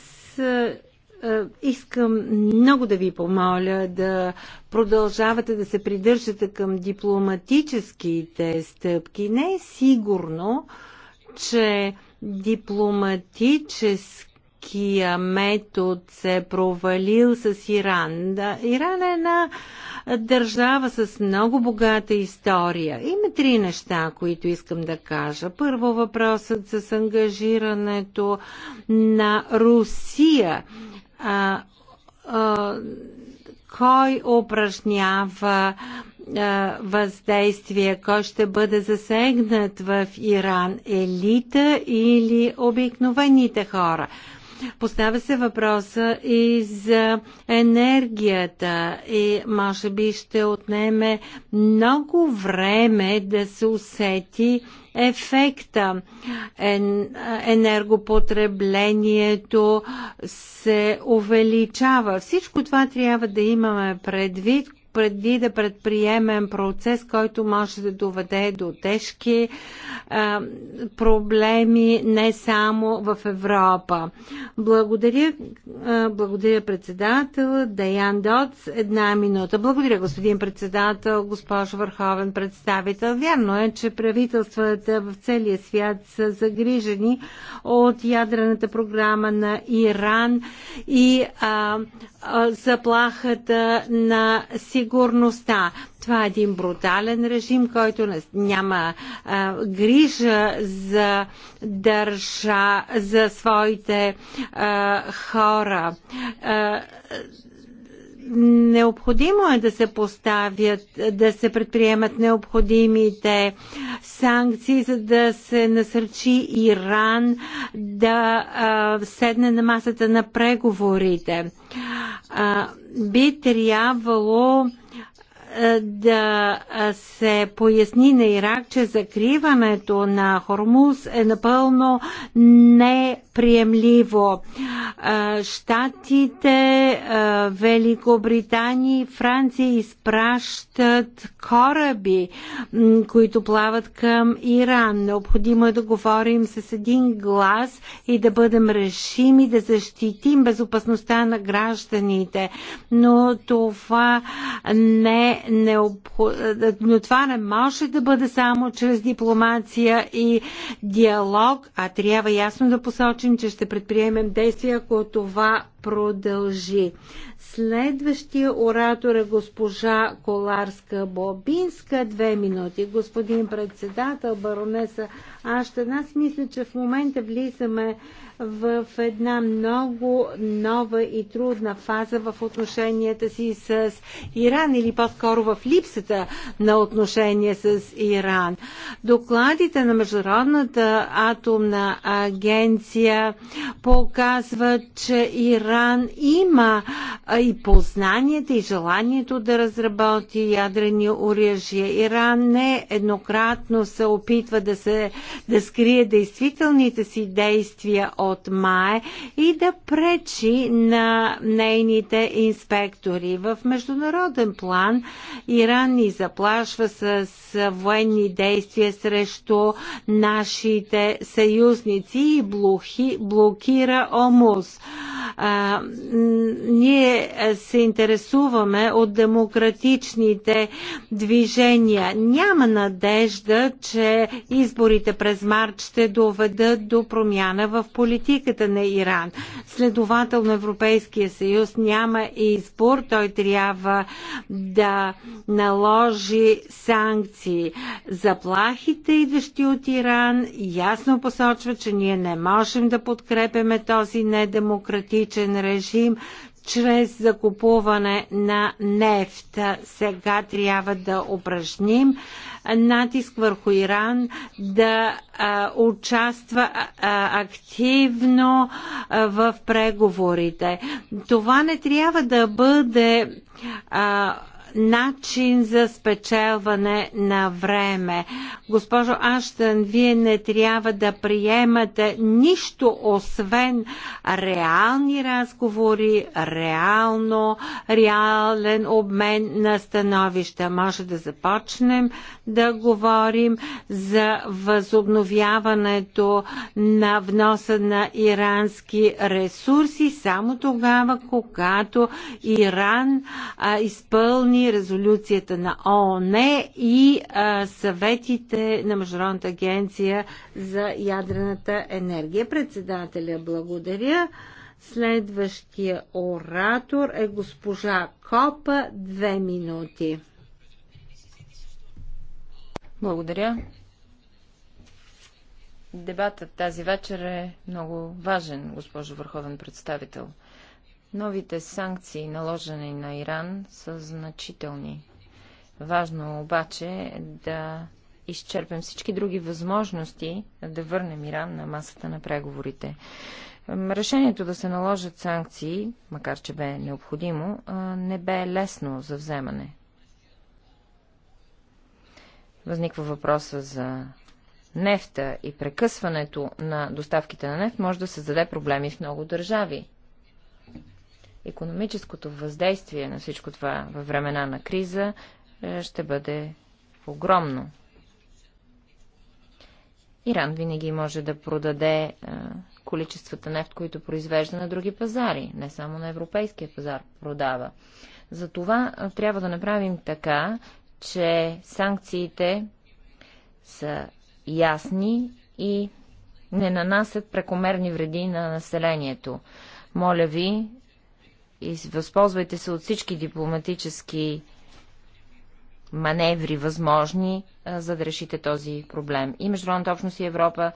искам много да ви помоля да продължавате да се придържате към дипломатическите стъпки. Не е сигурно, че дипломатическия метод се е провалил с Иран. Да, Иран е една държава с много богата история. Има три неща, които искам да кажа. Първо въпросът с ангажирането на Русия. А, а, кой упражнява въздействие, кой ще бъде засегнат в Иран, елита или обикновените хора. Поставя се въпроса и за енергията и може би ще отнеме много време да се усети ефекта. енергопотреблението се увеличава. Всичко това трябва да имаме предвид, преди да предприемем процес, който може да доведе до тежки а, е, проблеми не само в Европа. Благодаря, а, е, благодаря председател Даян Доц. Една минута. Благодаря, господин председател, госпожо Върховен представител. Вярно е, че правителствата в целия свят са загрижени от ядрената програма на Иран и а, е, а, заплахата на сигурността сигурността. Това е един брутален режим, който няма а, грижа за държа, за своите а, хора. А, необходимо е да се поставят, да се предприемат необходимите санкции, за да се насърчи Иран да а, седне на масата на преговорите. А, би трябвало да се поясни на Ирак, че закриването на Хормуз е напълно неприемливо. Штатите, Великобритания и Франция изпращат кораби, които плават към Иран. Необходимо е да говорим с един глас и да бъдем решими да защитим безопасността на гражданите. Но това не но това не може да бъде само чрез дипломация и диалог, а трябва ясно да посочим, че ще предприемем действия, ако това продължи. Следващия оратор е госпожа Коларска Бобинска. Две минути. Господин председател, баронеса Аштен, аз мисля, че в момента влизаме в една много нова и трудна фаза в отношенията си с Иран или по-скоро в липсата на отношения с Иран. Докладите на Международната атомна агенция показват, че Иран има и познанията и желанието да разработи ядрени оръжия. Иран не еднократно се опитва да, се, да скрие действителните си действия от МАЕ и да пречи на нейните инспектори. В международен план Иран ни заплашва с военни действия срещу нашите съюзници и блохи, блокира ОМОС. А, ние се интересуваме от демократичните движения. Няма надежда, че изборите през март ще доведат до промяна в политиката на Иран. Следователно Европейския съюз няма избор, той трябва да наложи санкции. Заплахите, идващи от Иран, ясно посочва, че ние не можем да подкрепяме този недемократичен режим чрез закупуване на нефт. Сега трябва да упражним натиск върху Иран да а, участва а, активно а, в преговорите. Това не трябва да бъде а, начин за спечелване на време. Госпожо Аштън, вие не трябва да приемате нищо освен реални разговори, реално, реален обмен на становища. Може да започнем да говорим за възобновяването на вноса на ирански ресурси само тогава, когато Иран а, изпълни резолюцията на ООН и а, съветите на Международната агенция за ядрената енергия. Председателя благодаря. Следващия оратор е госпожа Копа. Две минути. Благодаря. Дебатът тази вечер е много важен, госпожо Върховен представител – Новите санкции, наложени на Иран, са значителни. Важно е обаче е да изчерпим всички други възможности да върнем Иран на масата на преговорите. Решението да се наложат санкции, макар че бе необходимо, не бе лесно за вземане. Възниква въпроса за нефта и прекъсването на доставките на нефт може да създаде проблеми в много държави економическото въздействие на всичко това във времена на криза е, ще бъде огромно. Иран винаги може да продаде е, количествата нефт, които произвежда на други пазари, не само на европейския пазар продава. Затова е, трябва да направим така, че санкциите са ясни и не нанасят прекомерни вреди на населението. Моля ви и възползвайте се от всички дипломатически маневри възможни, за да решите този проблем. И Международната общност и Европа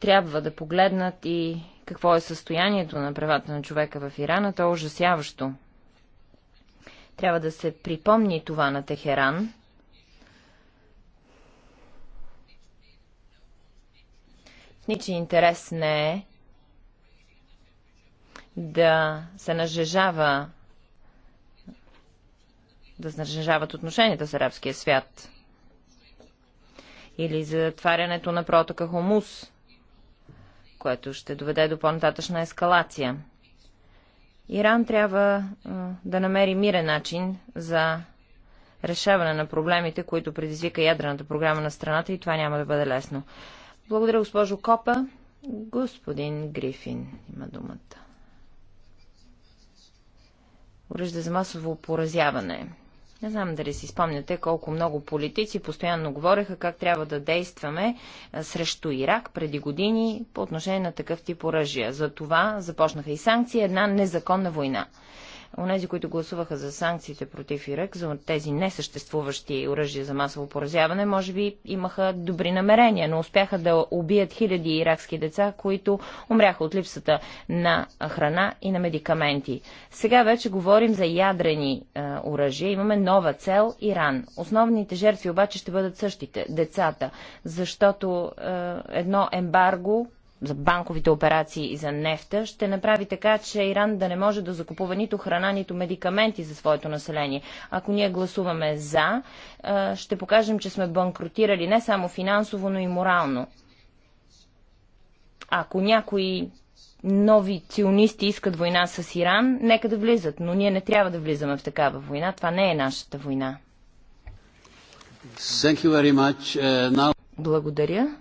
трябва да погледнат и какво е състоянието на правата на човека в Ирана. То е ужасяващо. Трябва да се припомни това на Техеран. В ничи интерес не е да се нажежава да се нажежават отношенията с арабския свят. Или затварянето на протока Хомус, което ще доведе до по-нататъчна ескалация. Иран трябва да намери мирен начин за решаване на проблемите, които предизвика ядрената програма на страната и това няма да бъде лесно. Благодаря, госпожо Копа. Господин Грифин има думата. Оръжда за масово поразяване. Не знам дали си спомняте колко много политици постоянно говореха как трябва да действаме срещу Ирак преди години по отношение на такъв тип оръжия. За това започнаха и санкции една незаконна война. Онези, които гласуваха за санкциите против Ирак, за тези несъществуващи оръжия за масово поразяване, може би имаха добри намерения, но успяха да убият хиляди иракски деца, които умряха от липсата на храна и на медикаменти. Сега вече говорим за ядрени е, оръжия. Имаме нова цел Иран. Основните жертви обаче ще бъдат същите децата, защото е, едно ембарго за банковите операции и за нефта, ще направи така, че Иран да не може да закупува нито храна, нито медикаменти за своето население. Ако ние гласуваме за, ще покажем, че сме банкротирали не само финансово, но и морално. Ако някои нови ционисти искат война с Иран, нека да влизат, но ние не трябва да влизаме в такава война. Това не е нашата война. Uh, Благодаря.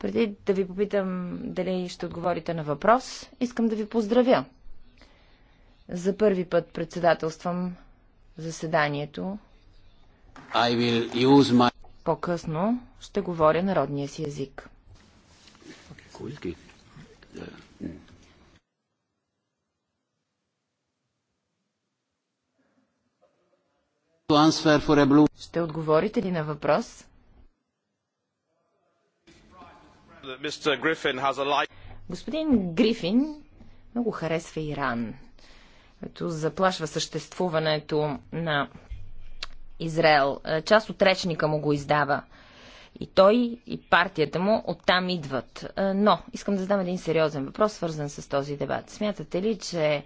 Преди да ви попитам дали ще отговорите на въпрос, искам да ви поздравя. За първи път председателствам заседанието. My... По-късно ще говоря народния си език. Ще отговорите ли на въпрос? Господин Грифин много харесва Иран, като заплашва съществуването на Израел. Е, част от речника му го издава. И той, и партията му оттам идват. Е, но искам да задам един сериозен въпрос, свързан с този дебат. Смятате ли, че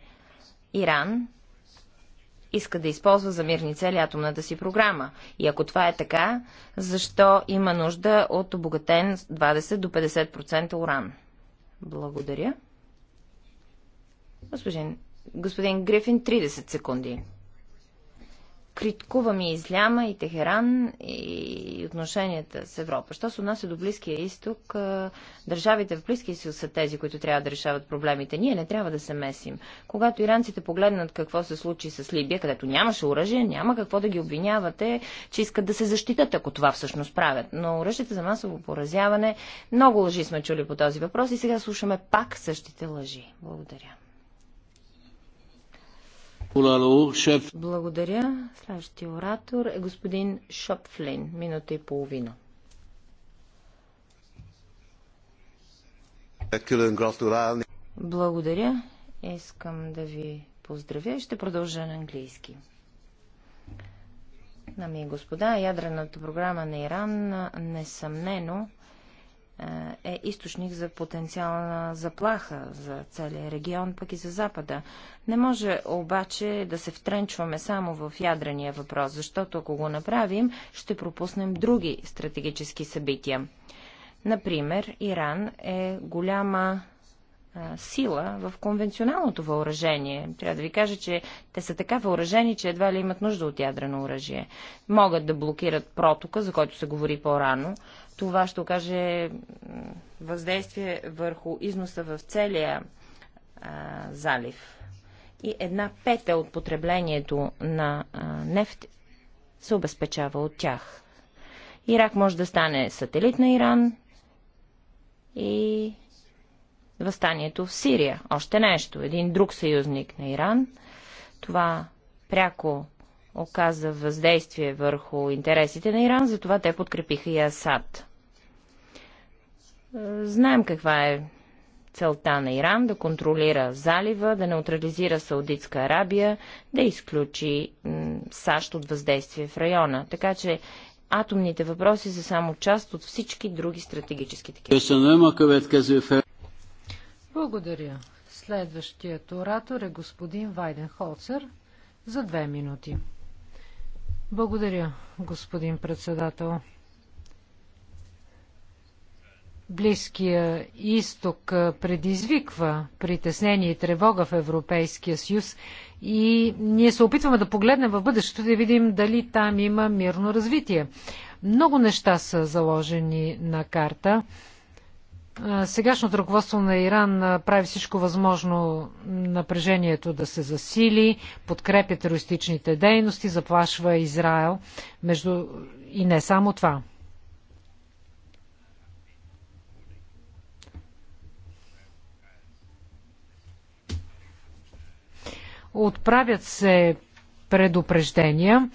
Иран иска да използва за мирни цели атомната си програма. И ако това е така, защо има нужда от обогатен 20 до 50% уран? Благодаря. Господин, господин Грифин, 30 секунди ми Изляма и Техеран и отношенията с Европа. Що се отнася до Близкия изток, държавите в Близкия изток са тези, които трябва да решават проблемите. Ние не трябва да се месим. Когато иранците погледнат какво се случи с Либия, където нямаше оръжие, няма какво да ги обвинявате, че искат да се защитат, ако това всъщност правят. Но оръжията за масово поразяване, много лъжи сме чули по този въпрос и сега слушаме пак същите лъжи. Благодаря. Благодаря. Следващия оратор е господин Шопфлин. Минута и половина. Благодаря. Искам да ви поздравя и ще продължа на английски. Нами и господа, ядрената програма на Иран несъмнено е източник за потенциална заплаха за целия регион, пък и за Запада. Не може обаче да се втренчваме само в ядрения въпрос, защото ако го направим, ще пропуснем други стратегически събития. Например, Иран е голяма сила в конвенционалното въоръжение. Трябва да ви кажа, че те са така въоръжени, че едва ли имат нужда от ядрено оръжие. Могат да блокират протока, за който се говори по-рано, това ще окаже въздействие върху износа в целия а, залив. И една пета от потреблението на а, нефт се обезпечава от тях. Ирак може да стане сателит на Иран и възстанието в Сирия. Още нещо. Един друг съюзник на Иран. Това пряко оказа въздействие върху интересите на Иран, затова те подкрепиха и Асад. Е, знаем каква е целта на Иран да контролира залива, да неутрализира Саудитска Арабия, да изключи САЩ от въздействие в района. Така че атомните въпроси са само част от всички други стратегически такива. Благодаря. Следващият оратор е господин Вайден Холцер за две минути. Благодаря, господин председател. Близкия изток предизвиква притеснение и тревога в Европейския съюз и ние се опитваме да погледнем в бъдещето да видим дали там има мирно развитие. Много неща са заложени на карта сегашното ръководство на Иран прави всичко възможно напрежението да се засили, подкрепя терористичните дейности, заплашва Израел между... и не само това. Отправят се предупреждения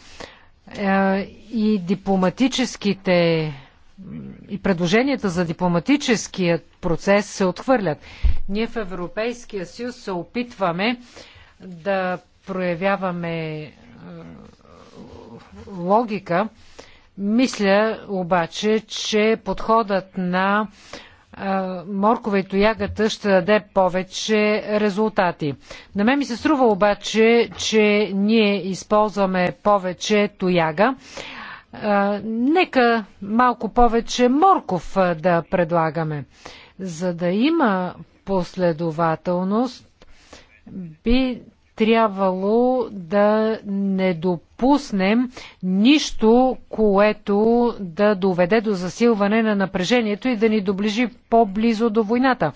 и дипломатическите и предложенията за дипломатическия процес се отхвърлят. Ние в Европейския съюз се опитваме да проявяваме е, логика. Мисля обаче, че подходът на е, морковето и тоягата ще даде повече резултати. На мен ми се струва обаче, че ние използваме повече тояга, нека малко повече морков да предлагаме. За да има последователност, би трябвало да не допуснем нищо, което да доведе до засилване на напрежението и да ни доближи по-близо до войната.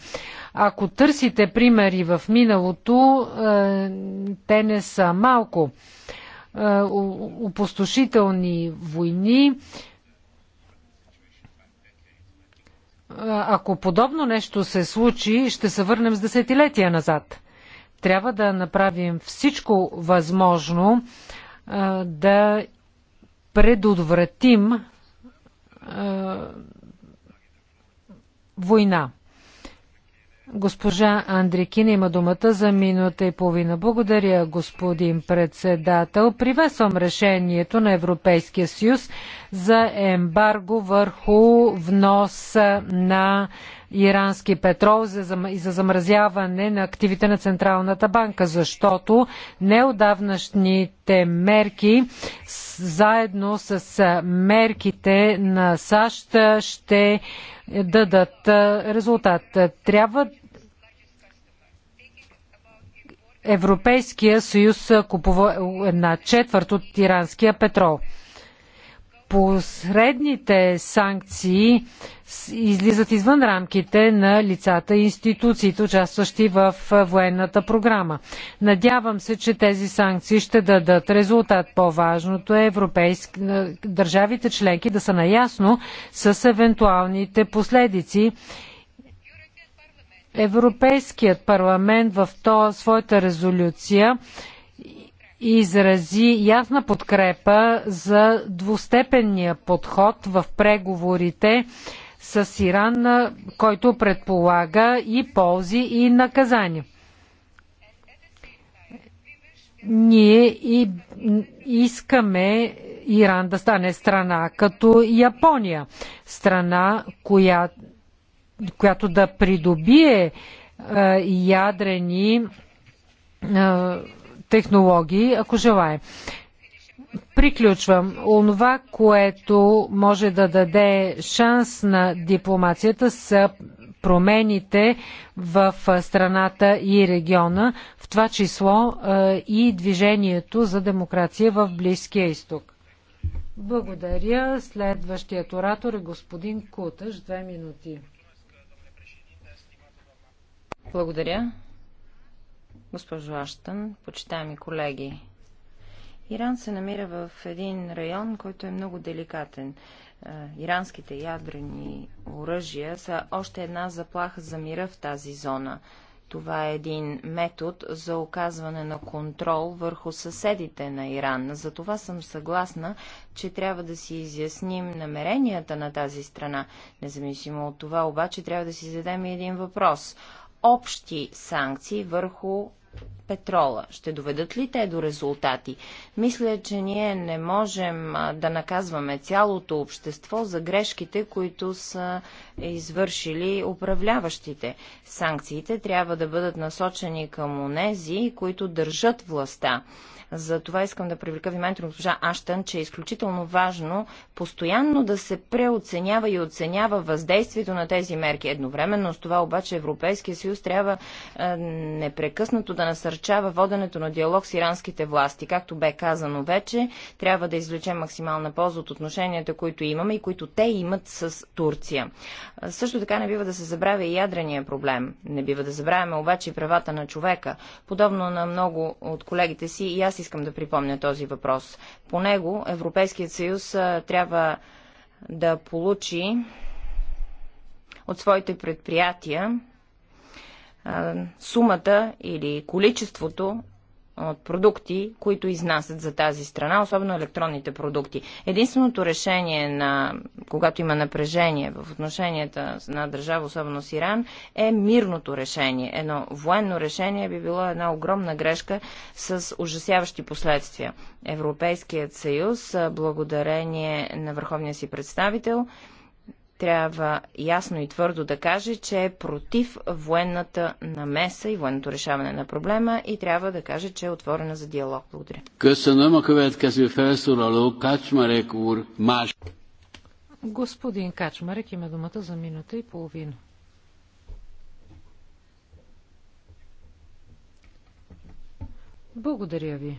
Ако търсите примери в миналото, те не са малко. Е, опустошителни войни. Е, ако подобно нещо се случи, ще се върнем с десетилетия назад. Трябва да направим всичко възможно е, да предотвратим война. Госпожа Андрикина има думата за минута и половина. Благодаря, господин председател. Приветствам решението на Европейския съюз за ембарго върху внос на ирански петрол и за замразяване на активите на Централната банка, защото неодавнашните мерки заедно с мерките на САЩ ще дадат резултат. Трябва Европейския съюз купува една четвърт от иранския петрол. Посредните санкции излизат извън рамките на лицата и институциите, участващи в военната програма. Надявам се, че тези санкции ще дадат резултат. По-важното е европейски... държавите членки да са наясно с евентуалните последици Европейският парламент в то, своята резолюция изрази ясна подкрепа за двустепенния подход в преговорите с Иран, който предполага и ползи, и наказания. Ние и искаме Иран да стане страна като Япония, страна, която която да придобие е, ядрени е, технологии, ако желая. Приключвам. Онова, което може да даде шанс на дипломацията са промените в е, страната и региона, в това число и движението за демокрация в Близкия изток. Благодаря. Следващият оратор е господин Куташ. Две минути. Благодаря. Госпожо Аштън, почитаеми колеги, Иран се намира в един район, който е много деликатен. Е, иранските ядрени оръжия са още една заплаха за мира в тази зона. Това е един метод за оказване на контрол върху съседите на Иран. Затова съм съгласна, че трябва да си изясним намеренията на тази страна. Независимо от това, обаче, трябва да си зададем един въпрос общи санкции върху петрола. Ще доведат ли те до резултати? Мисля, че ние не можем да наказваме цялото общество за грешките, които са извършили управляващите. Санкциите трябва да бъдат насочени към онези, които държат властта. За това искам да привлека вниманието на госпожа Аштън, че е изключително важно постоянно да се преоценява и оценява въздействието на тези мерки. Едновременно с това обаче Европейския съюз трябва непрекъснато да насърчава насърчава воденето на диалог с иранските власти. Както бе казано вече, трябва да извлечем максимална полза от отношенията, които имаме и които те имат с Турция. Също така не бива да се забравя и ядрения проблем. Не бива да забравяме обаче и правата на човека. Подобно на много от колегите си, и аз искам да припомня този въпрос. По него Европейският съюз трябва да получи от своите предприятия сумата или количеството от продукти, които изнасят за тази страна, особено електронните продукти. Единственото решение на, когато има напрежение в отношенията на държава, особено с Иран, е мирното решение. Едно военно решение би било една огромна грешка с ужасяващи последствия. Европейският съюз, благодарение на върховния си представител, трябва ясно и твърдо да каже, че е против военната намеса и военното решаване на проблема и трябва да каже, че е отворена за диалог. Благодаря. Е Господин Качмарек има думата за минута и половина. Благодаря ви.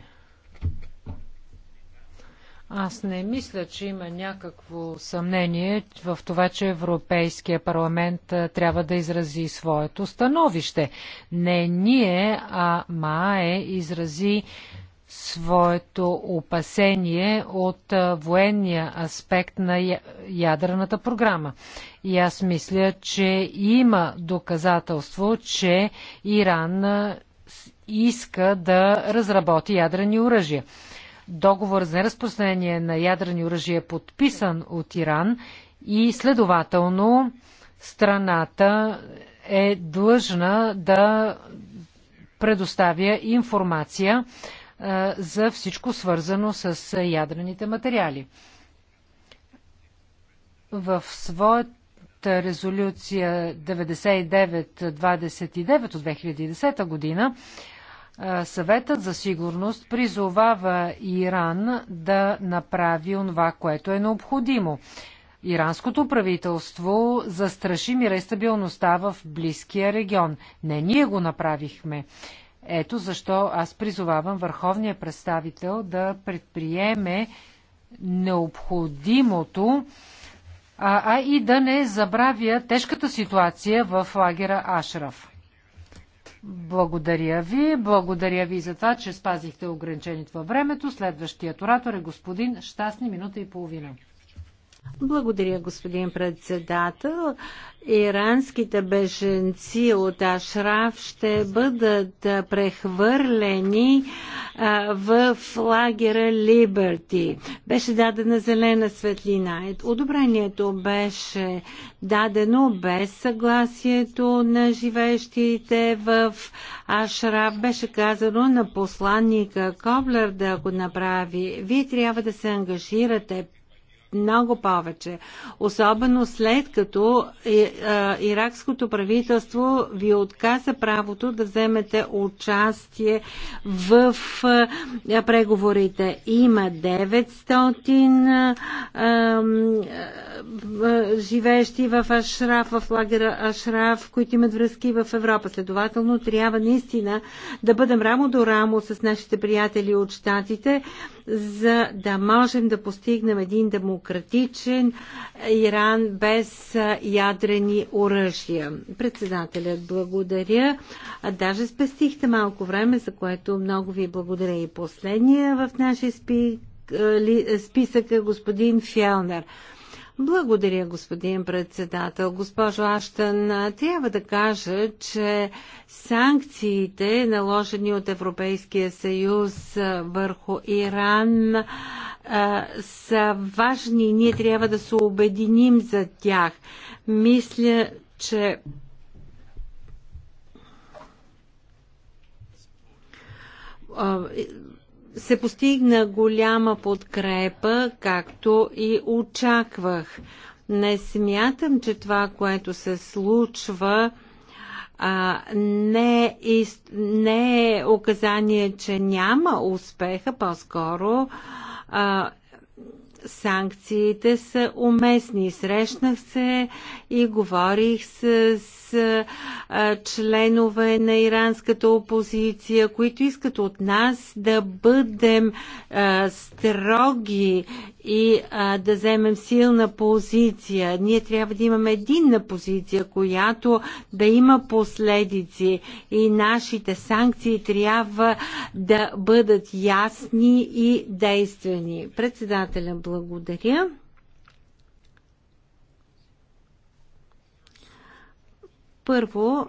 Аз не мисля, че има някакво съмнение в това, че Европейския парламент трябва да изрази своето становище. Не ние, а МАЕ изрази своето опасение от военния аспект на ядрената програма. И аз мисля, че има доказателство, че Иран иска да разработи ядрени оръжия договор за разпространение на ядрени оръжия, подписан от Иран и следователно страната е длъжна да предоставя информация за всичко свързано с ядрените материали. В своята резолюция 9929 от 2010 година Съветът за сигурност призовава Иран да направи онова, което е необходимо. Иранското правителство застраши мира и стабилността в близкия регион. Не ние го направихме. Ето защо аз призовавам върховния представител да предприеме необходимото, а, а и да не забравя тежката ситуация в лагера Ашраф. Благодаря ви. Благодаря ви за това, че спазихте ограничението във времето. Следващият оратор е господин Щастни минута и половина. Благодаря, господин председател. Иранските беженци от Ашраф ще бъдат прехвърлени в лагера Либерти. Беше дадена зелена светлина. Одобрението беше дадено без съгласието на живеещите в Ашраф. Беше казано на посланника Коблер да го направи. Вие трябва да се ангажирате много повече. Особено след като иракското правителство ви отказа правото да вземете участие в преговорите. Има 900 живеещи в Ашраф, в лагера Ашраф, които имат връзки в Европа. Следователно, трябва наистина да бъдем рамо до рамо с нашите приятели от щатите за да можем да постигнем един демократичен Иран без ядрени оръжия. Председателят, благодаря. А даже спестихте малко време, за което много ви благодаря. И последния в нашия списък е господин Фелнер. Благодаря, господин председател. Госпожо Аштън, трябва да кажа, че санкциите, наложени от Европейския съюз върху Иран, са важни и ние трябва да се обединим за тях. Мисля, че се постигна голяма подкрепа, както и очаквах. Не смятам, че това, което се случва, а, не, е, не е указание, че няма успеха, по-скоро санкциите са уместни. Срещнах се и говорих с, с а, членове на иранската опозиция, които искат от нас да бъдем а, строги и а, да вземем силна позиция. Ние трябва да имаме единна позиция, която да има последици и нашите санкции трябва да бъдат ясни и действени. Председателя, благодаря. Първо,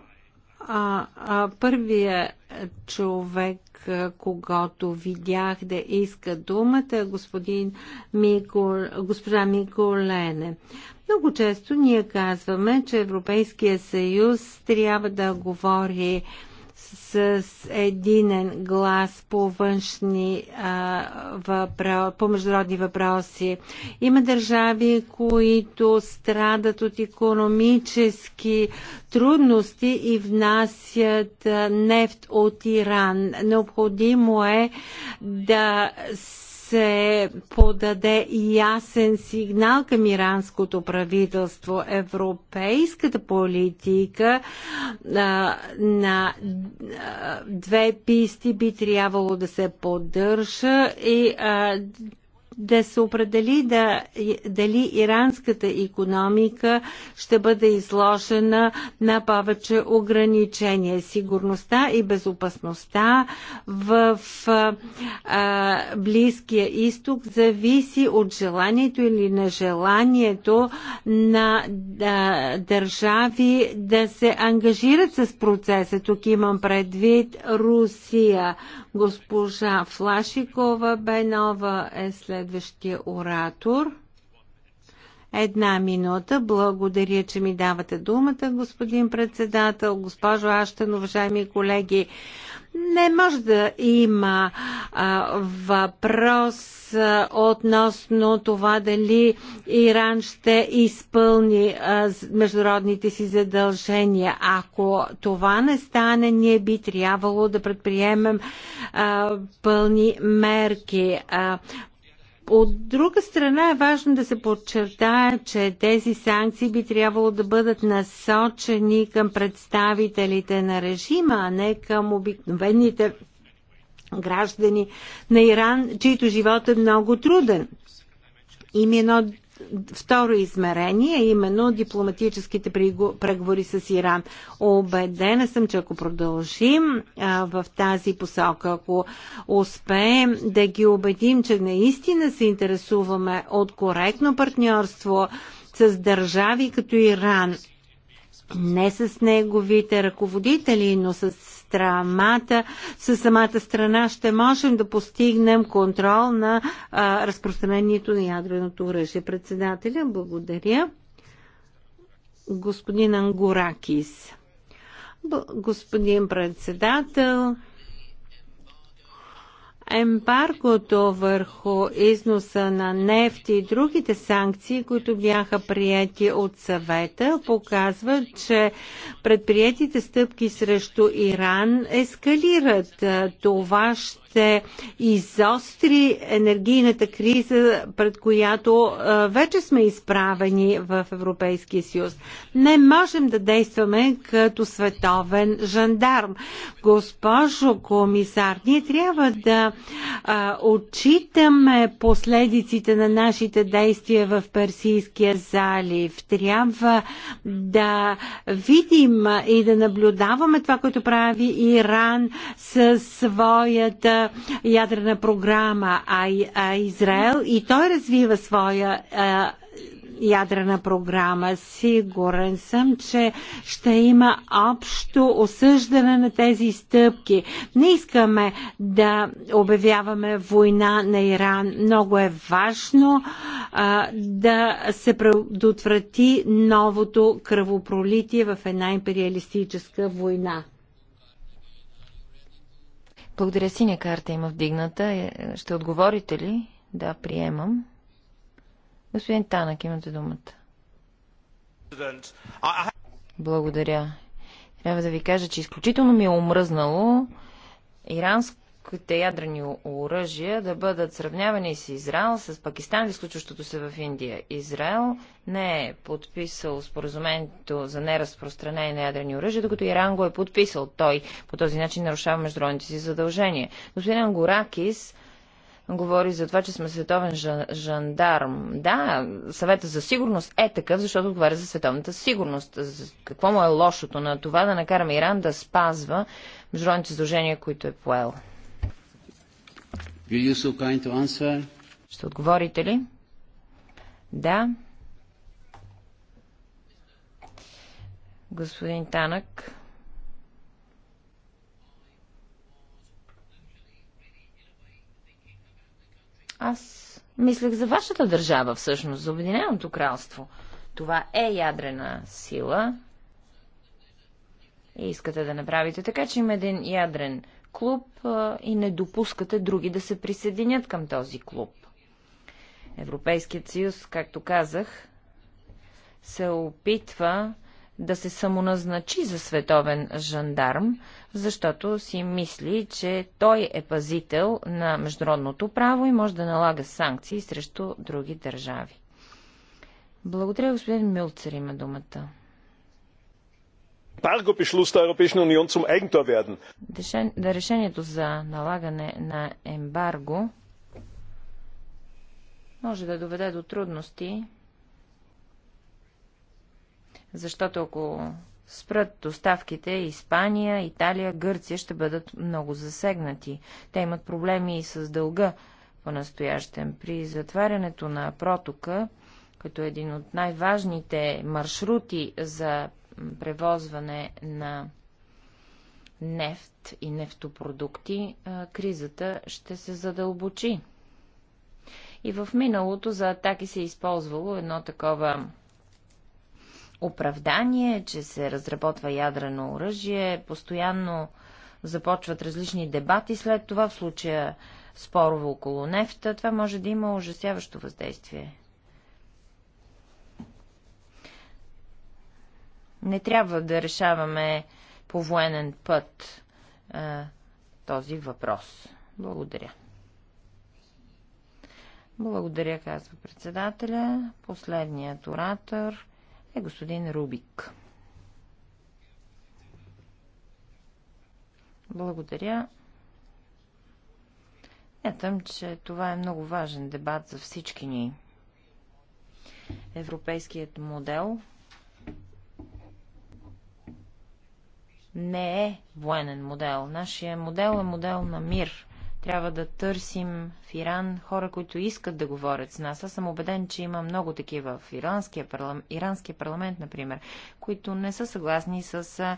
а, а, първия човек, когато видях да иска думата, е господин Мико, госпожа Мико Лене. Много често ние казваме, че Европейския съюз трябва да говори с единен глас по външни а, въпро... по международни въпроси. Има държави, които страдат от економически трудности и внасят нефт от Иран. Необходимо е да се се подаде ясен сигнал към иранското правителство. Европейската политика а, на а, две писти би трябвало да се поддържа и а, да се определи да, дали иранската економика ще бъде изложена на повече ограничения. Сигурността и безопасността в а, Близкия изток зависи от желанието или нежеланието на да, държави да се ангажират с процеса. Тук имам предвид Русия. Госпожа Флашикова Бенова е след следващия оратор. Една минута. Благодаря, че ми давате думата, господин председател, госпожо Аштен, уважаеми колеги. Не може да има а, въпрос а, относно това дали Иран ще изпълни а, международните си задължения. Ако това не стане, ние би трябвало да предприемем а, пълни мерки. А, от друга страна е важно да се подчертая, че тези санкции би трябвало да бъдат насочени към представителите на режима, а не към обикновените граждани на Иран, чието живот е много труден. Има едно второ измерение, именно дипломатическите преговори с Иран. Обедена съм, че ако продължим а, в тази посока, ако успеем да ги убедим, че наистина се интересуваме от коректно партньорство с държави като Иран, не с неговите ръководители, но с страната, с самата страна ще можем да постигнем контрол на а, разпространението на ядреното оръжие. Председателя, благодаря. Господин Ангуракис. Господин председател, ембаргото върху износа на нефт и другите санкции, които бяха прияти от съвета, показват, че предприятите стъпки срещу Иран ескалират. Това ще се изостри енергийната криза, пред която вече сме изправени в Европейския съюз. Не можем да действаме като световен жандарм. Госпожо комисар, ние трябва да а, отчитаме последиците на нашите действия в Персийския залив. Трябва да видим и да наблюдаваме това, което прави Иран със своята ядрена програма, а, а Израел и той развива своя а, ядрена програма. Сигурен съм, че ще има общо осъждане на тези стъпки. Не искаме да обявяваме война на Иран. Много е важно а, да се предотврати новото кръвопролитие в една империалистическа война. Благодаря, синя карта има вдигната. Е, ще отговорите ли? Да, приемам. Господин Танък, имате думата. Благодаря. Трябва да ви кажа, че изключително ми е омръзнало иранск тежките ядрени оръжия да бъдат сравнявани с Израел, с Пакистан и случващото се в Индия. Израел не е подписал споразумението за неразпространение на ядрени оръжия, докато Иран го е подписал. Той по този начин нарушава международните си задължения. Господин Горакис говори за това, че сме световен жандарм. Да, съвета за сигурност е такъв, защото отговаря за световната сигурност. Какво му е лошото на това да накараме Иран да спазва международните задължения, които е поел? Will you so kind to answer? Ще отговорите ли? Да. Господин Танък. Аз мислех за вашата държава всъщност, за Обединеното кралство. Това е ядрена сила. И искате да направите така, че има един ядрен клуб и не допускате други да се присъединят към този клуб. Европейският съюз, както казах, се опитва да се самоназначи за световен жандарм, защото си мисли, че той е пазител на международното право и може да налага санкции срещу други държави. Благодаря, господин Милцер, има думата ембаргобешлус der Europäischen Union zum Eigentor werden. Решението за налагане на ембарго може да доведе до трудности, защото ако спрат доставките, Испания, Италия, Гърция ще бъдат много засегнати. Те имат проблеми и с дълга по-настоящем. При затварянето на протока, като един от най-важните маршрути за превозване на нефт и нефтопродукти, кризата ще се задълбочи. И в миналото за атаки се е използвало едно такова оправдание, че се разработва ядрено оръжие, постоянно започват различни дебати, след това в случая спорове около нефта, това може да има ужасяващо въздействие Не трябва да решаваме по военен път а, този въпрос. Благодаря. Благодаря, казва председателя. Последният оратор е господин Рубик. Благодаря. Мятам, че това е много важен дебат за всички ни. Европейският модел не е военен модел. Нашия модел е модел на мир. Трябва да търсим в Иран хора, които искат да говорят с нас. Аз съм убеден, че има много такива в иранския парламент, иранския парламент например, които не са съгласни с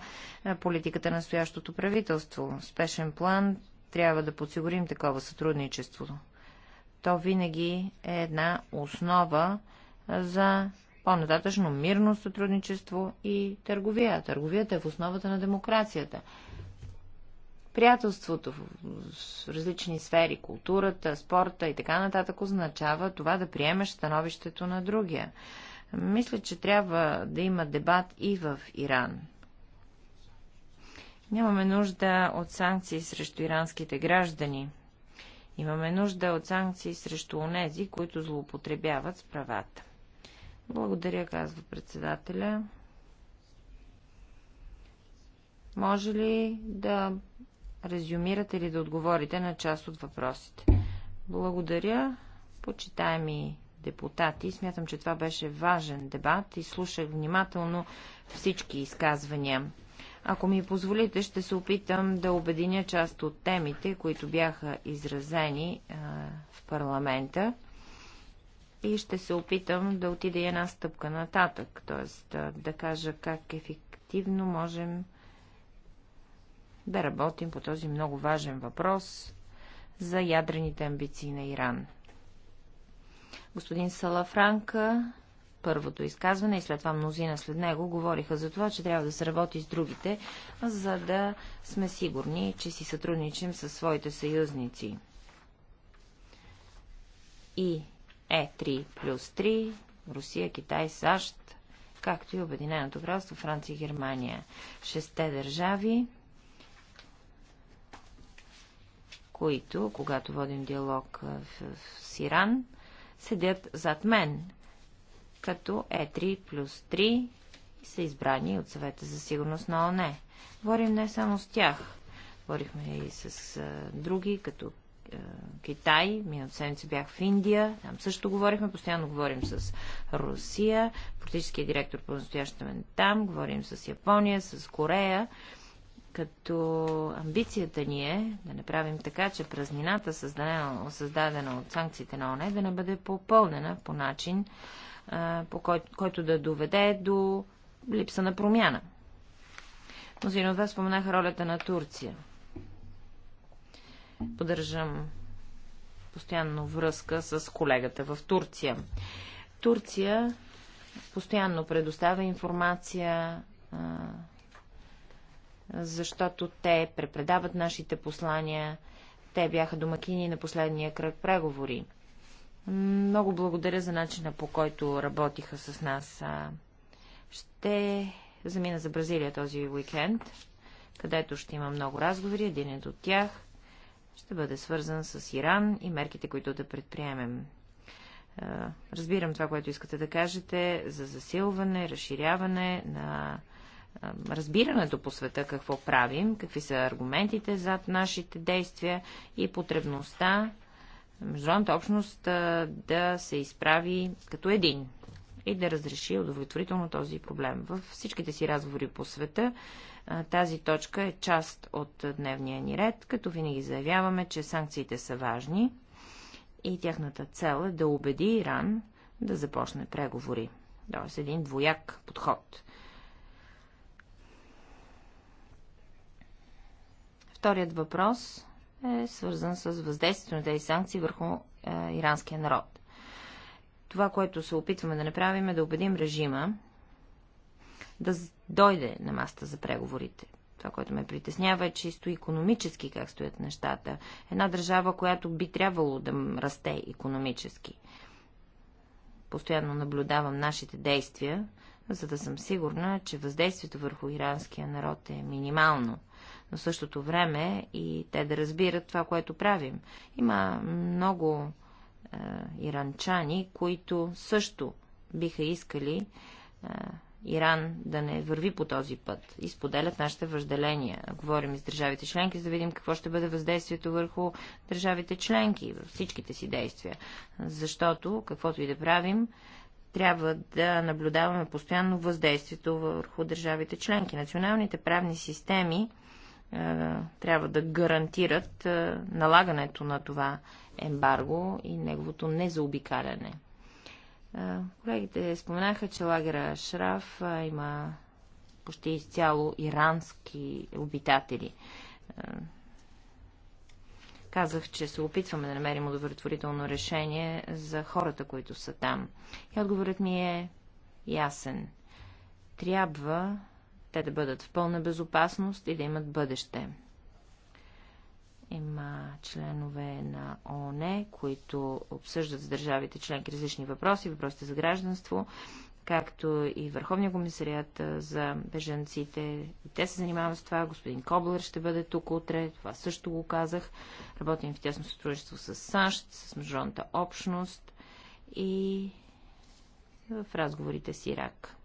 политиката на стоящото правителство. Спешен план трябва да подсигурим такова сътрудничество. То винаги е една основа за по-нататъчно мирно сътрудничество и търговия. Търговията е в основата на демокрацията. Приятелството в различни сфери, културата, спорта и така нататък означава това да приемеш становището на другия. Мисля, че трябва да има дебат и в Иран. Нямаме нужда от санкции срещу иранските граждани. Имаме нужда от санкции срещу онези, които злоупотребяват с правата. Благодаря, казва председателя. Може ли да резюмирате или да отговорите на част от въпросите? Благодаря, почитаеми депутати. Смятам, че това беше важен дебат и слушах внимателно всички изказвания. Ако ми позволите, ще се опитам да обединя част от темите, които бяха изразени а, в парламента и ще се опитам да отида една стъпка нататък, т.е. Да, да кажа как ефективно можем да работим по този много важен въпрос за ядрените амбиции на Иран. Господин Салафранка, първото изказване и след това мнозина след него говориха за това, че трябва да се работи с другите, за да сме сигурни, че си сътрудничим със своите съюзници. И е3 плюс 3, Русия, Китай, САЩ, както и Обединеното кралство, Франция и Германия. Шесте държави, които, когато водим диалог в, с Иран, седят зад мен, като Е3 плюс 3 и са избрани от съвета за сигурност на ОНЕ. Говорим не само с тях. Говорихме и с а, други, като Китай, миналата седмица бях в Индия, там също говорихме, постоянно говорим с Русия, политическия директор по настоящем е там, говорим с Япония, с Корея, като амбицията ни е да направим така, че празнината, създадена, създадена от санкциите на ОНЕ, да не бъде попълнена по начин, по който, който да доведе до липса на промяна. Мнозина от вас споменаха ролята на Турция – Поддържам постоянно връзка с колегата в Турция. Турция постоянно предоставя информация, защото те препредават нашите послания. Те бяха домакини на последния кръг преговори. Много благодаря за начина по който работиха с нас. Ще замина за Бразилия този уикенд, където ще има много разговори. Един е от тях ще бъде свързан с Иран и мерките, които да предприемем. Разбирам това, което искате да кажете за засилване, разширяване на разбирането по света какво правим, какви са аргументите зад нашите действия и потребността международната общност да се изправи като един и да разреши удовлетворително този проблем. Във всичките си разговори по света тази точка е част от дневния ни ред, като винаги заявяваме, че санкциите са важни и тяхната цел е да убеди Иран да започне преговори. Тоест един двояк подход. Вторият въпрос е свързан с въздействието на тези санкции върху е, иранския народ. Това, което се опитваме да направим е да убедим режима, да дойде на масата за преговорите. Това, което ме притеснява е чисто економически как стоят нещата. Една държава, която би трябвало да расте економически. Постоянно наблюдавам нашите действия, за да съм сигурна, че въздействието върху иранския народ е минимално. Но същото време и те да разбират това, което правим. Има много е, иранчани, които също биха искали е, Иран да не върви по този път и споделят нашите въжделения. Говорим с държавите членки, за да видим какво ще бъде въздействието върху държавите членки във всичките си действия. Защото, каквото и да правим, трябва да наблюдаваме постоянно въздействието върху държавите членки. Националните правни системи е, трябва да гарантират е, налагането на това ембарго и неговото незаобикаляне. Колегите споменаха, че лагера Шраф има почти изцяло ирански обитатели. Казах, че се опитваме да намерим удовлетворително решение за хората, които са там. И отговорът ми е ясен. Трябва те да бъдат в пълна безопасност и да имат бъдеще. Има членове на ООН, които обсъждат с държавите членки различни въпроси, въпросите за гражданство, както и Върховния комисариат за беженците. И те се занимават с това. Господин Коблер ще бъде тук утре. Това също го казах. Работим в тясно сътрудничество с САЩ, с международната общност и в разговорите с Ирак.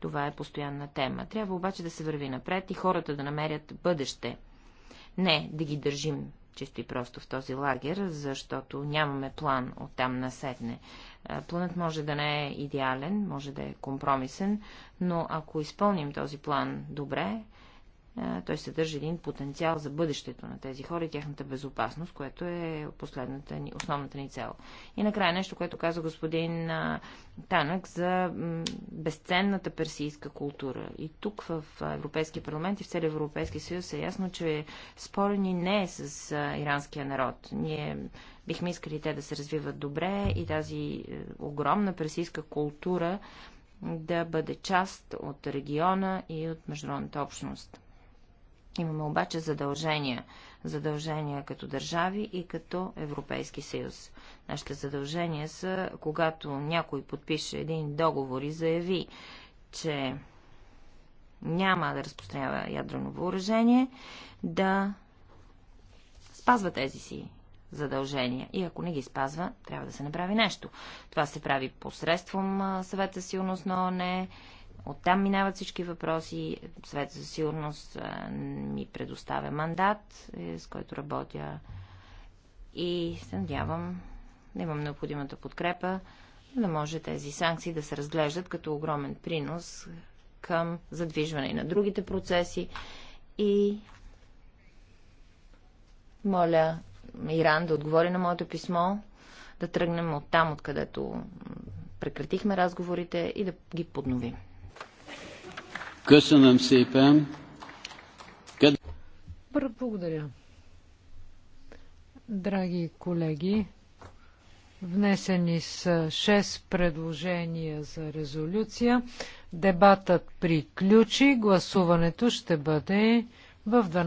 Това е постоянна тема. Трябва обаче да се върви напред и хората да намерят бъдеще – не да ги държим чисто и просто в този лагер, защото нямаме план от там насетне. Планът може да не е идеален, може да е компромисен, но ако изпълним този план добре, е, той съдържа един потенциал за бъдещето на тези хора и тяхната безопасност, което е последната ни, основната ни цел. И накрая нещо, което каза господин Танък за безценната персийска култура. И тук в Европейския парламент и в целия Европейски съюз е ясно, че спора ни не е с иранския народ. Ние бихме искали те да се развиват добре и тази е, огромна персийска култура да бъде част от региона и от международната общност. Имаме обаче задължения. Задължения като държави и като Европейски съюз. Нашите задължения са, когато някой подпише един договор и заяви, че няма да разпространява ядрено въоръжение, да спазва тези си задължения. И ако не ги спазва, трябва да се направи нещо. Това се прави посредством съвета сигурност на ОНЕ Оттам минават всички въпроси. Свет за сигурност ми предоставя мандат, е, с който работя и се надявам да имам необходимата подкрепа, да може тези санкции да се разглеждат като огромен принос към задвижване и на другите процеси и моля Иран да отговори на моето писмо, да тръгнем от там, откъдето прекратихме разговорите и да ги подновим. Köszönöm szépen. Благодаря. Драги колеги, внесени са 6 предложения за резолюция. Дебатът приключи. Гласуването ще бъде в 12.